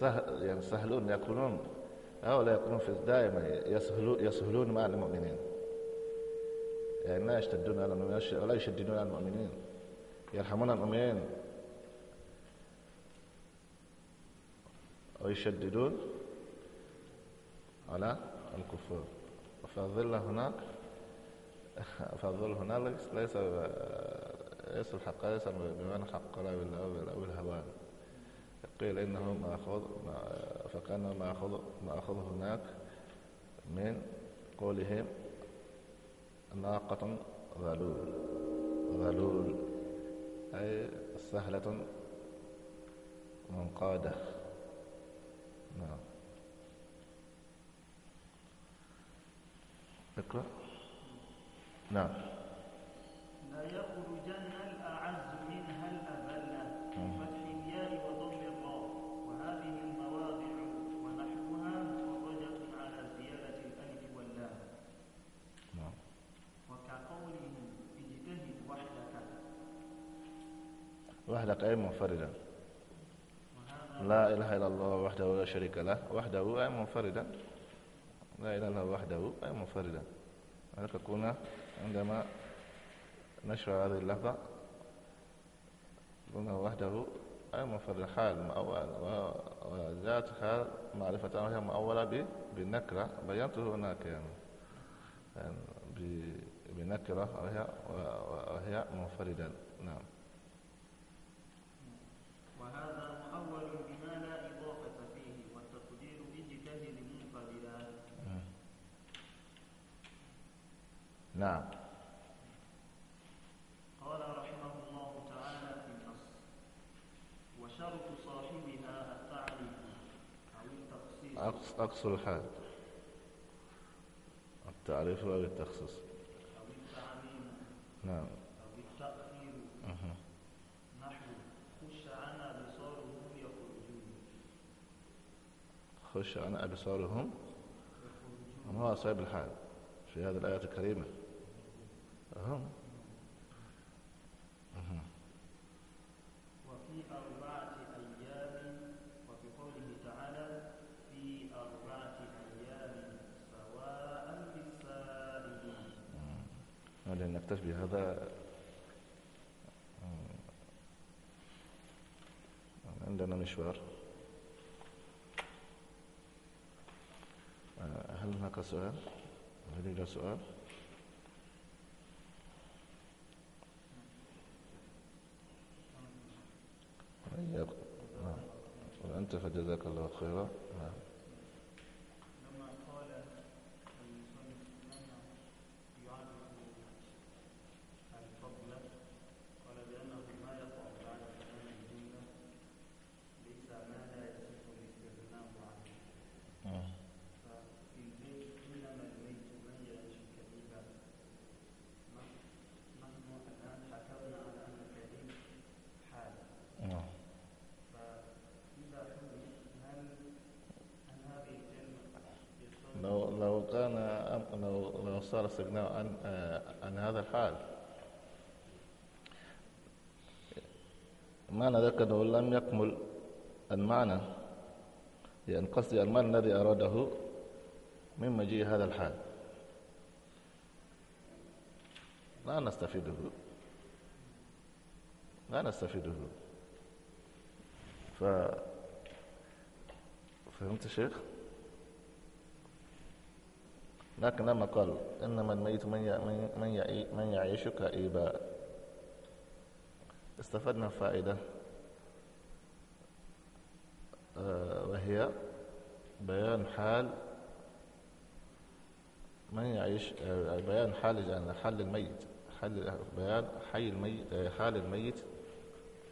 Speaker 1: سهل يعني سهلون يكونون هؤلاء يكونون في دائما يسهلون, يسهلون مع المؤمنين يعني ما يشتدون على المؤمنين ولا يشددون على المؤمنين يرحمون المؤمنين ويشددون على الكفار فالظل هناك فالظل هناك ليس ليس الحق ليس بمعنى حق لا بالهوان قيل انه ماخذ ما فكان ماخذ ماخذ هناك من قولهم ناقة غلول غلول أي سهلة منقادة نعم اقرأ نعم لا يقول وحده أي منفردا لا إله إلا الله وحده لا شريك له وحده أي منفردا لا إله إلا الله وحده أي منفردا هذا كنا عندما نشرع هذه اللفظة قلنا وحده أي منفرد حال مؤول وذات حال معرفة وهي مؤولة بالنكرة بينته هناك يعني, يعني بنكرة وهي, وهي منفردا نعم
Speaker 2: وهذا مؤول بما لا إضافة فيه والتقدير بالجهد منقبلا نعم قال رحمه الله تعالى في النص وشرط صاحبها التعريف أو التخصيص
Speaker 1: أقص, أقص الحال التعريف أو التخصيص
Speaker 2: أو التعميم
Speaker 1: نعم خش عن أبصارهم وما أصاب الحال في هذه الآية الكريمة أهم وفي
Speaker 2: أربعة أيام وفي قوله تعالى في أربعة أيام
Speaker 1: سواء عندنا مشوار هل هناك سؤال؟ هل هناك سؤال؟ وأنت طيب. نعم. فجزاك الله خيرا نعم صار استغناء عن آه، عن هذا الحال معنى ذلك انه لم يكمل المعنى لأن قصدي المعنى الذي أراده من مجيء هذا الحال لا نستفيده لا نستفيده ف فهمت الشيخ؟ لكن لما قال إنما الميت من من من يعيش كئيبا استفدنا فائدة آه، وهي بيان حال من يعيش آه، بيان حال يعني حال الميت حال بيان حي الميت آه، حال الميت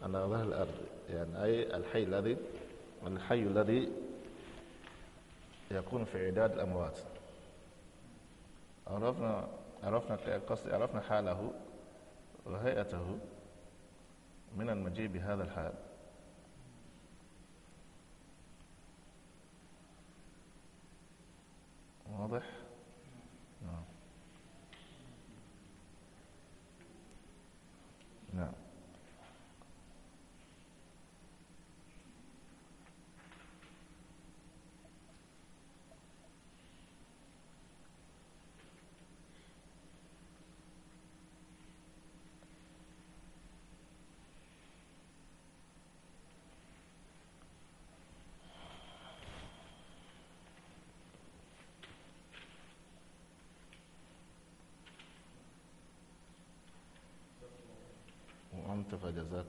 Speaker 1: على ظهر الأرض يعني أي الحي الذي الحي الذي يكون في عداد الأموات عرفنا عرفنا عرفنا حاله وهيئته من المجيء بهذا الحال
Speaker 3: واضح؟ نعم نعم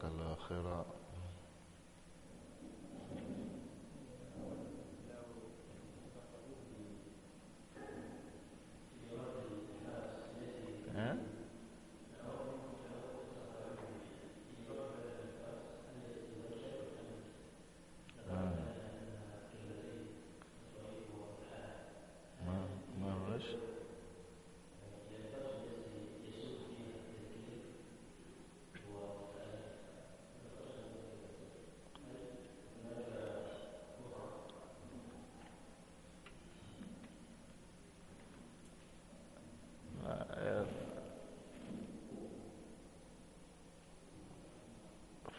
Speaker 1: Gracias.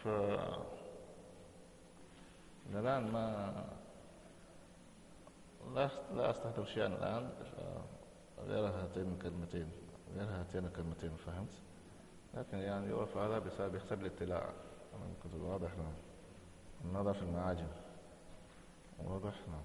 Speaker 1: ف الآن ما لا لا أستهدف شيئا الآن غير هاتين الكلمتين غير هاتين الكلمتين فهمت؟ لكن يعني يعرف هذا بسبب يحسب الاطلاع كنت واضح نعم النظر في المعاجم واضح نعم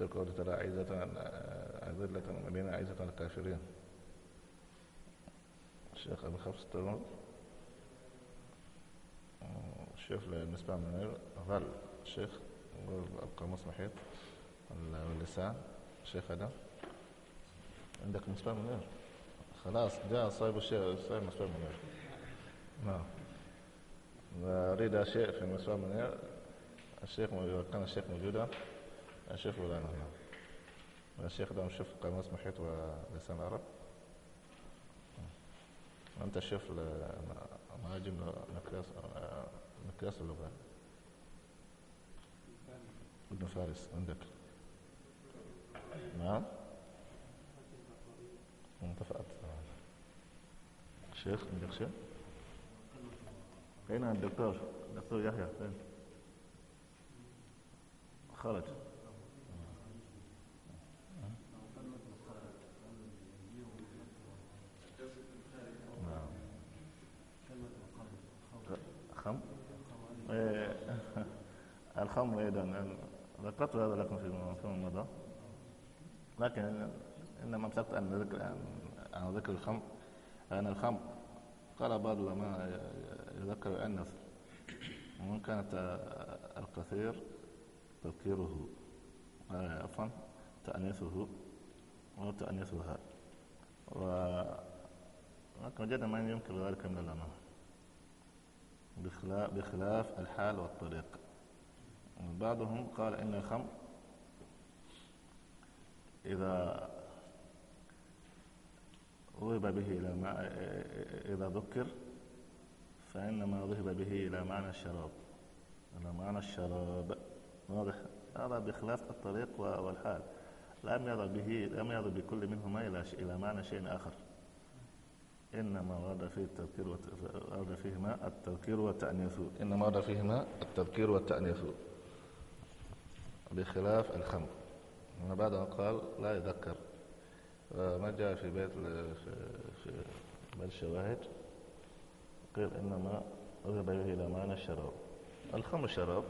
Speaker 1: تفسير قوله تعالى عزة أذلة المؤمنين عزة الكافرين الشيخ أبو حفص الترمذي الشيخ بالنسبة منير ظل الشيخ يقول القاموس محيط واللسان الشيخ هذا عندك مصباح منير خلاص جاء صاحب الشيخ صاحب مصباح منير نعم أريد شيء في مصباح منير الشيخ موجود كان الشيخ موجودا الشيخ ولا الشيخ ده نشوف قاموس محيط ولسان عرب انت شوف مهاجم مقياس مقياس اللغه ابن فارس عندك نعم انتفقت شيخ عندك شيخ هنا الدكتور الدكتور يحيى خرج الخمر أيضا ذكرت هذا لكم في مضى لكن إنما أمسكت عن ذكر عن ذكر الخمر ان الخمر قال بعض العلماء يذكر يؤنث ومن كانت الكثير تذكيره آه، عفوا تأنيثه وتأنيثها و لكن وجدنا من يمكن ذلك من العلماء بخلاف الحال والطريق يعني بعضهم قال إن الخمر إذا ذهب به إلى مع... إذا ذكر فإنما ذهب به إلى معنى الشراب إلى معنى الشراب واضح هذا بخلاف الطريق والحال لم يرى به لم يرى بكل منهما إلى إلى معنى شيء آخر إنما ورد فيه التذكير ورد فيهما التذكير والتأنيث إنما ورد فيهما التذكير والتأنيث بخلاف الخمر هنا بعد أن قال لا يذكر ما جاء في بيت في في بيت الشواهد قيل إنما ذهب به إلى معنى الشراب الخمر شراب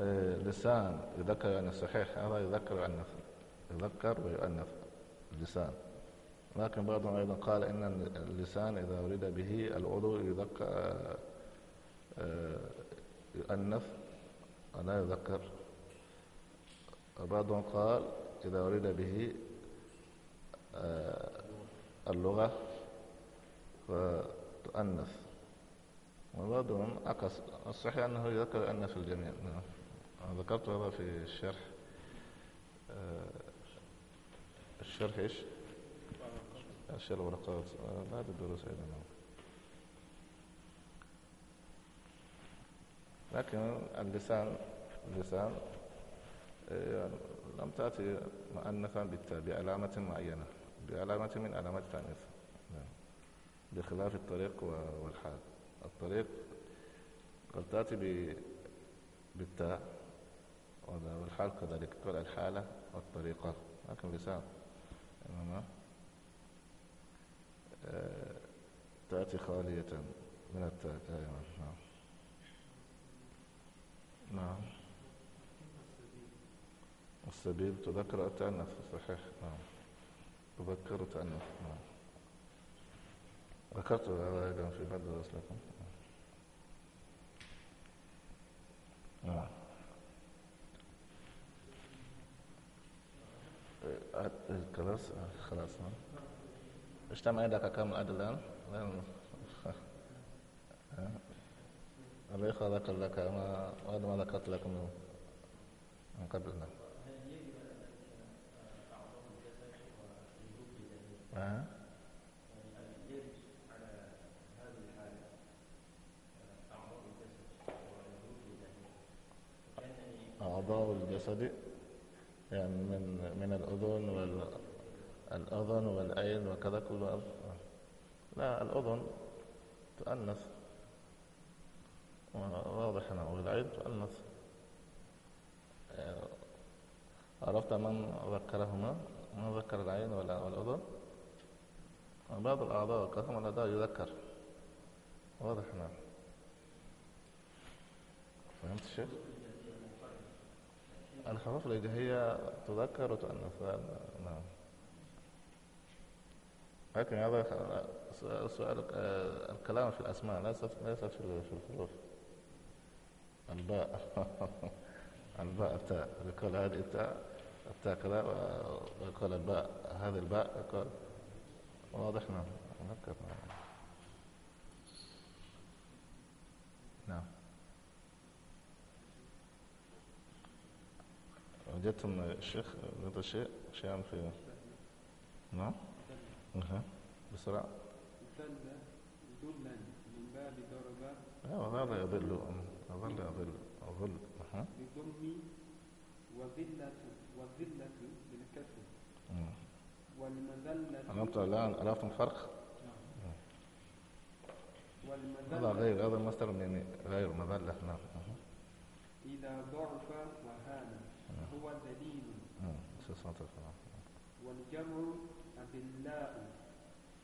Speaker 1: إيه، لسان يذكر عن يعني الصحيح هذا يذكر عن يذكر ويؤنث اللسان لكن بعضهم أيضا قال إن اللسان إذا أريد به العضو يذكر آه، يؤنف ولا يذكر بعضهم قال إذا أريد به آه، اللغة فتؤنث وبعضهم عكس الصحيح أنه يذكر يؤنف الجميع أنا ذكرت هذا في الشرح آه، الشرح إيش؟ الشرح ورقات بعد الدروس أيضا لكن اللسان اللسان إيه، لم تأتي مؤنثا بالتاء بعلامة معينة بعلامة من علامات التأنيث نعم. بخلاف الطريق والحال الطريق قد تأتي بالتاء والحال كذلك تقول الحالة والطريقة لكن لسان إنما إيه، تأتي خالية من التاء دائما نعم نعم السبيل تذكر أتأنف صحيح نعم تذكر أتأنف نعم ذكرت هذا أيضا في بعض لكم نعم أه، أه، خلاص أه، خلاص نعم. اجتمع عندك كم الآن؟ الله خلق لك ما وهذا ما ذكرت لكم من قبل أعضاء الجسد يعني من من الأذن والأذن والعين وكذا كل لا الأذن تؤنث واضح هنا العيد المثل عرفت من ذكرهما من ذكر العين والأذن بعض الأعضاء قسم الأداء يذكر واضح هنا فهمت الشيخ؟ الخفاف الإجهية تذكر وتؤنث نعم لكن هذا سؤال الكلام في الأسماء ليس ليس في الحروف الباء الباء التاء قال هذه التاء التاء كذا ويقال الباء هذه الباء قال واضح نعم نعم وجدتم الشيخ هذا شيء شيئا في نعم بسرعة
Speaker 5: دلا من باب
Speaker 1: ايوه هذا يضل أظل أظل أظل أها
Speaker 5: بظلمي وذلة وذلة بالكسر والمذلة أنت الآن عرفتم الفرق؟ والمذلة هذا غير هذا
Speaker 1: مصدر من يعني غير مذلة نعم
Speaker 5: إذا ضعف وهان هو ذليل والجمع أذلاء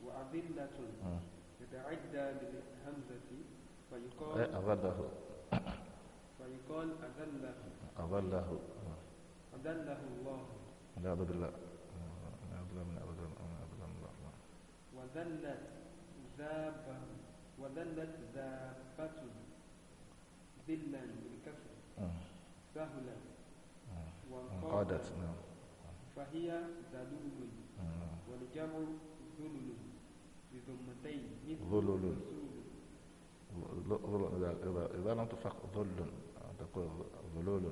Speaker 5: وأذلة يتعدى بالهمزة فيقال أغله فيقال أذله أذله أذله الله
Speaker 1: لا أبد الله لا أبد من أبد من أبد الله
Speaker 5: وذلت ذاب وذلت ذابة ذلا بالكسر آه. سهلا آه. وانقادت نعم فهي ذلول آه. والجمع ذلل بذمتين ذلول
Speaker 1: إذا لم تفق ظل تقول ظلول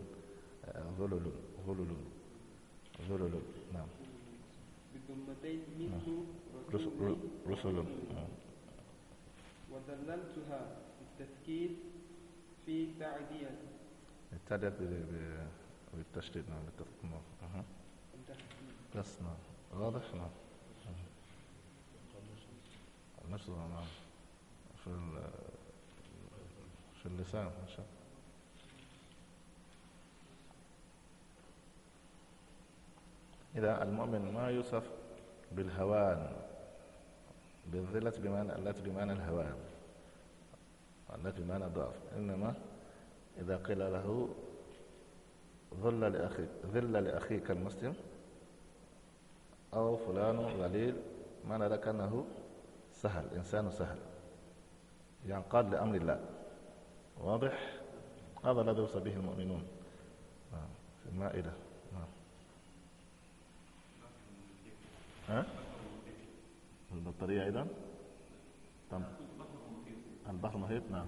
Speaker 1: ظلول ظلول ظلول نعم
Speaker 5: بالضمتين منه رسل وذللتها بالتسكين في تعدية
Speaker 1: التعدية بالتشديد نعم بالتسكين نعم. بس نعم واضح نعم نفس نعم في في اللسان ما شاء الله إذا المؤمن ما يوصف بالهوان بالذلة بمعنى التي بمعنى الهوان التي بمعنى الضعف إنما إذا قيل له ذل لأخيك ذل لأخيك المسلم أو فلان ذليل معنى لك أنه سهل إنسان سهل ينقاد يعني لأمر الله واضح هذا الذي يوصى به المؤمنون نعم، في المائدة نعم. ها؟ البطارية أيضا البحر المحيط نعم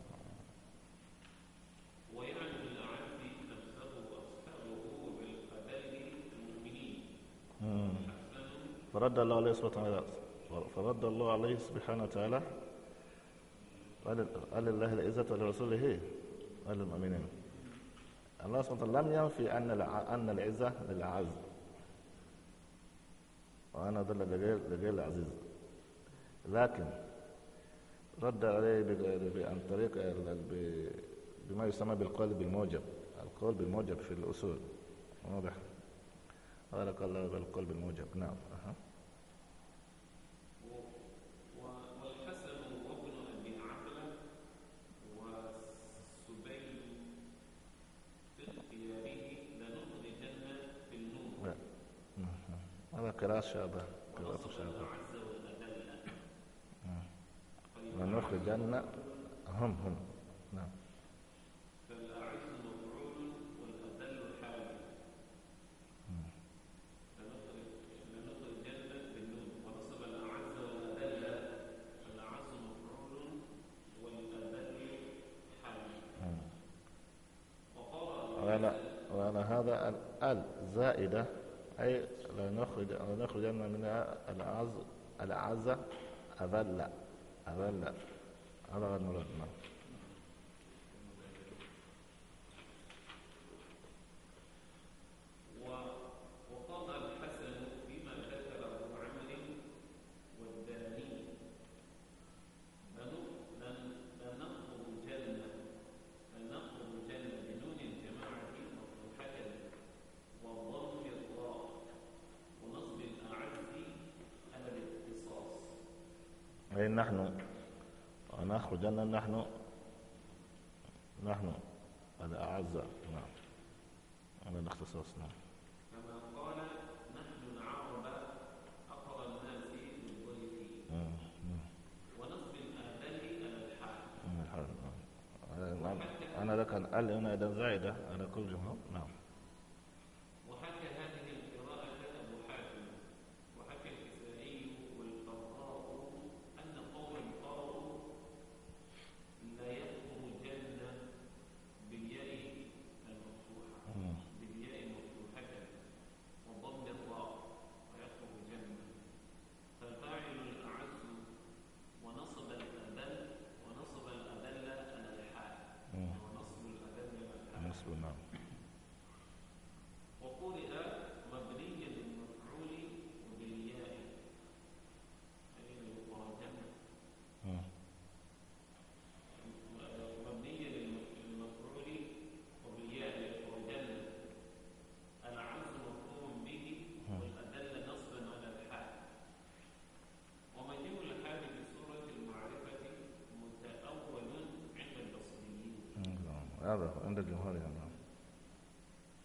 Speaker 1: فرد الله عليه سبحانه وتعالى فرد الله عليه سبحانه وتعالى قال لله العزة ولرسوله وللمؤمنين الله سبحانه وتعالى لم ينفي أن أن العزة للعز وأنا ظل لغير لغير العزيز لكن رد عليه عن طريق بما يسمى بالقول بالموجب القول بالموجب في الأصول واضح قال الله بالقول بالموجب نعم أه. قراءة شعبان قراءة شعبان ونخرجن هم هم ضل ولكن نحن نخرج أن نحن نحن الأعزاء نعم على الاختصاص نعم
Speaker 6: كما قال نحن العرب الناس نعم. ونصب
Speaker 1: نعم. نعم. أنا لك زائدة على كل جمهور نعم هذا هو عند الجمهور يعني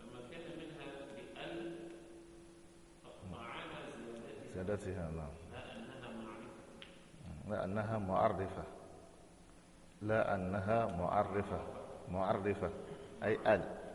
Speaker 6: لما كان منها بأن تقطعها سادتها نعم
Speaker 1: لا أنها معرفة لا أنها معرفة معرفة أي أل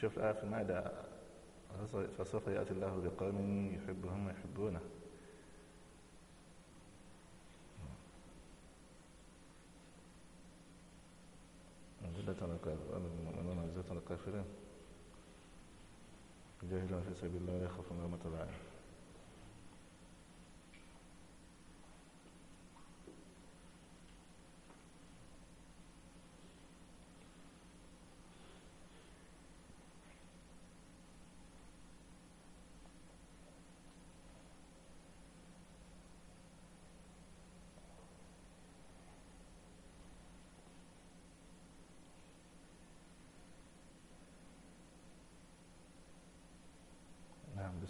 Speaker 1: شوف الآية في المائدة فسوف يأتي الله بقوم يحبهم ويحبونه المؤمنون عزة الكافرين يجاهدون في سبيل الله ويخافون يوم تبعهم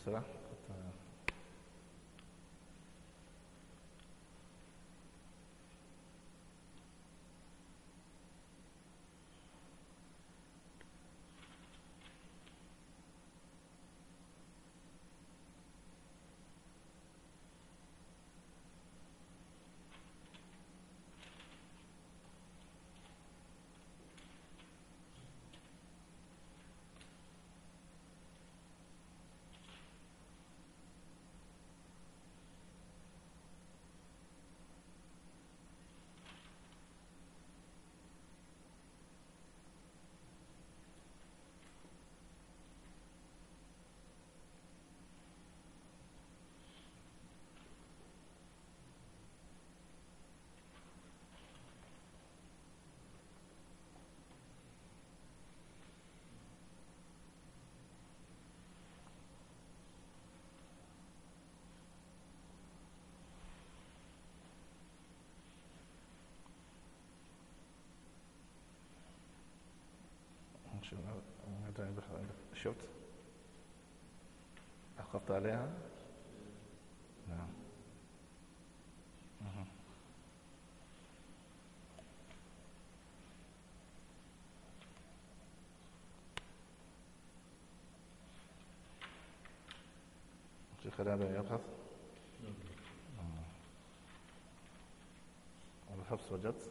Speaker 1: 是吧？شفت أخفت عليها نعم في خلال يبحث نعم. الحبس وجدت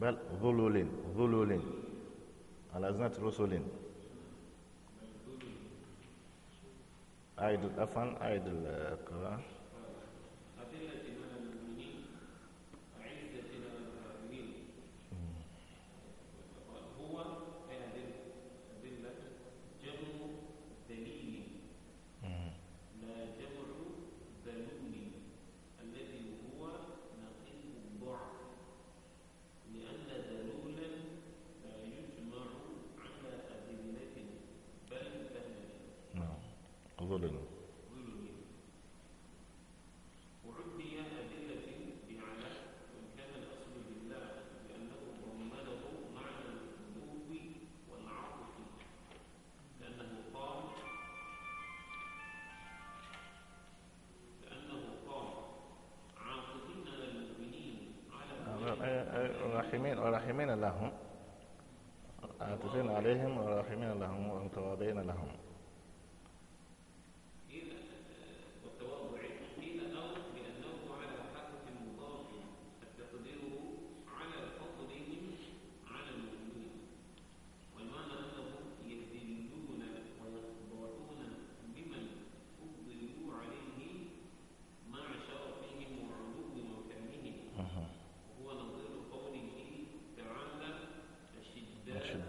Speaker 1: بل ظلل ظلل على أزنة رسل أعد الأفن أعد القرآن الراحمين وراحمين لهم عاطفين عليهم وراحمين لهم ومتواضعين لهم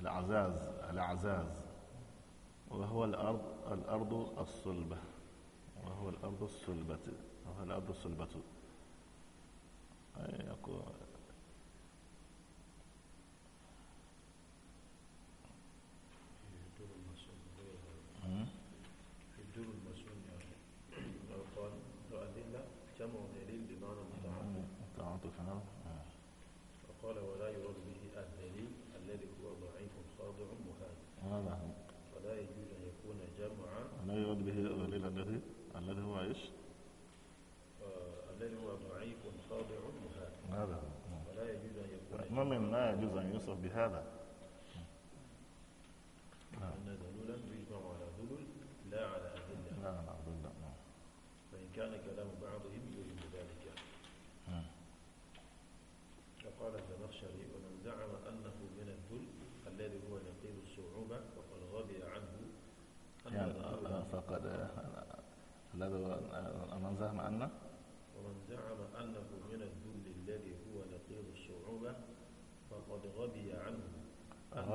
Speaker 1: العزاز العزاز وهو الأرض الأرض الصلبة وهو الأرض الصلبة وهو الأرض الصلبة أي يقول يجوز أن يوصف بهذا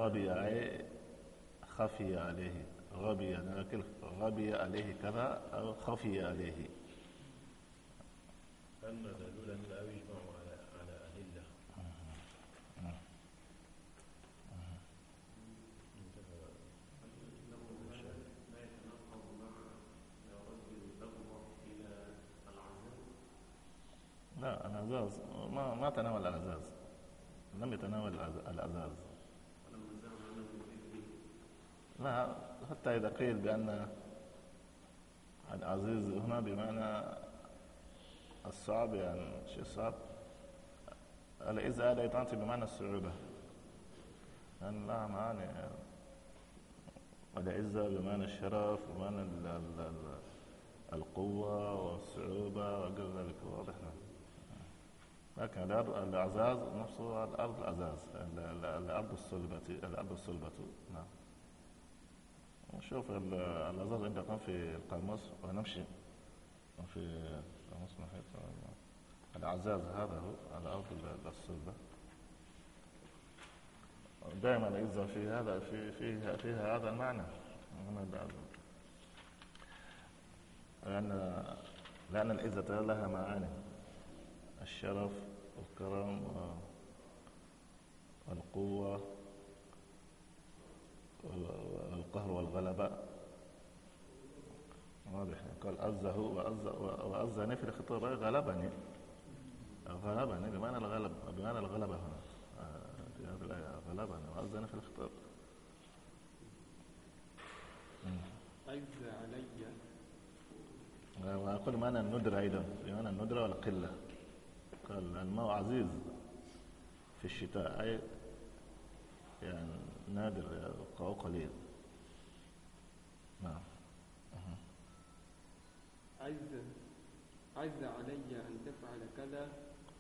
Speaker 1: غبي خفي عليه غبي لكن غبي عليه كذا أو خفي عليه
Speaker 4: أما دلولا
Speaker 1: إذا قيل بأن العزيز هنا بمعنى الصعب يعني شيء صعب الإذا هذا يتعطي بمعنى الصعوبة يعني لا معاني العزة بمعنى الشرف بمعنى القوة والصعوبة وغير ذلك واضح لكن الأعزاز نفسه الأرض الأعزاز الأرض الصلبة الأرض الصلبة نعم نشوف الازهر عندي كان في القاموس ونمشي في القاموس محيط العزاز هذا هو على ارض الصلبه دائما اذا في هذا في فيها فيها هذا المعنى لأن لأن العزة لها معاني الشرف والكرم والقوة القهر والغلباء واضح قال أزه وأزني نفر خطاب غلبني غلبني بمعنى الغلب بمعنى الغلبة هنا آه، في هذه الآية غلبني وأزني نفر خطاب
Speaker 5: أجز علي
Speaker 1: آه، وأقول معنى الندرة أيضا بمعنى الندرة والقلة قال الماء عزيز في الشتاء أي يعني نادر أو قليل نعم
Speaker 5: عز عز علي أن تفعل كذا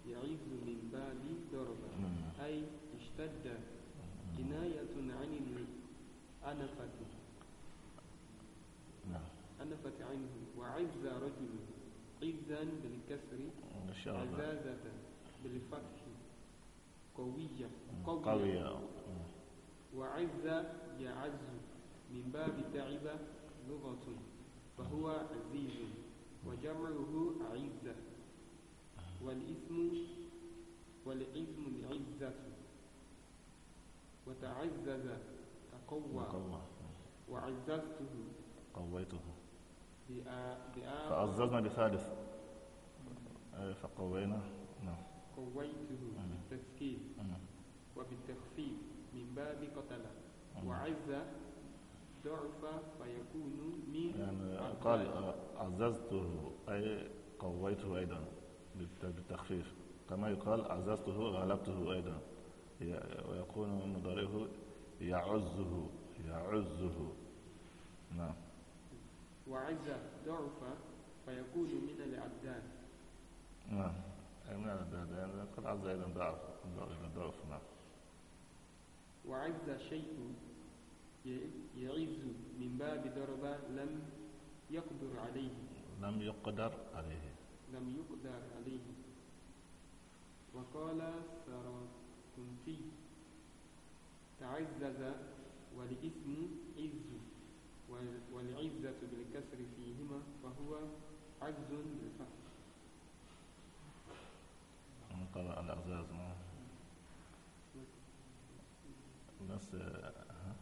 Speaker 5: يعز من باب ضربة نعم. أي اشتد كناية عن الأنفة نعم أنفت عنه وعز رجل عزا بالكسر عزازة بالفتح قوية نعم. قوية, قوية. وعز يعز من باب تعب لغة فهو عزيز وجمعه عزة والاسم والاسم العزة وتعزز تقوى وعززته قويته فعززنا بثالث
Speaker 1: فقوينا نعم
Speaker 5: قويته بالتسكين وبالتخ من باب قتله وعز ضعف فيكون من يعني قال
Speaker 1: عززته أي قويته أيضا بالتخفيف كما يقال عززته غلبته أيضا ويكون مضاره يعزه يعزه نعم
Speaker 5: وعز ضعف فيكون من العداد
Speaker 1: نعم من العداد يعني قد عز أيضا ضعف ضعف نعم
Speaker 5: وعز شيء يعز من باب ضرب لم يقدر عليه
Speaker 1: لم يقدر عليه
Speaker 5: لم يقدر عليه وقال سرقنتي تعزز والاسم عز والعزة بالكسر فيهما فهو عز بالفتح.
Speaker 1: قال الأعزاز ما بس آه، يعني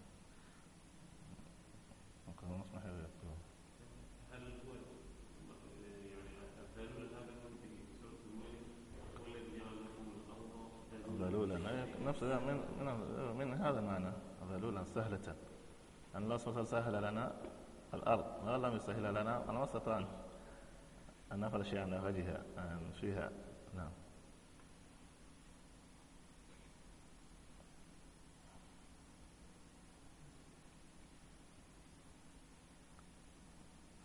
Speaker 1: ذلولا نفس من من من هذا المعنى ذلولا سهلة أن الله سبحانه سهل لنا الأرض ما لم يسهل لنا أن استطعت أن نفعل شيئا على وجهها فيها نعم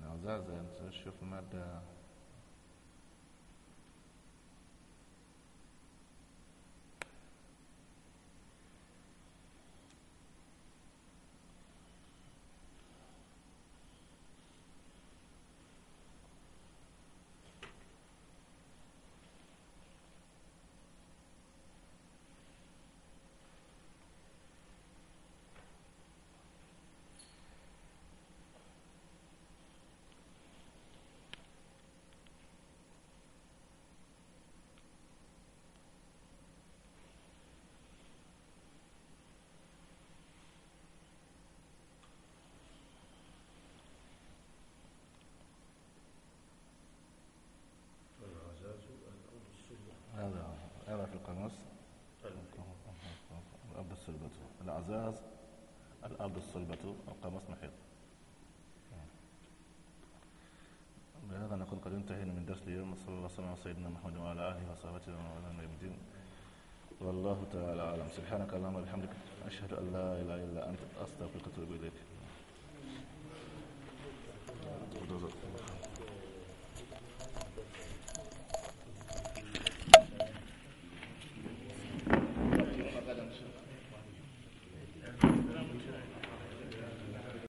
Speaker 1: Now that's the answer, Shufnada. أو قاموس محيط بهذا نكون قد انتهينا من درس اليوم صلى الله وسلم على سيدنا محمد وعلى اله وصحبه وعلى نبي والله تعالى اعلم سبحانك اللهم وبحمدك اشهد ان لا اله الا انت استغفرك واتوب اليك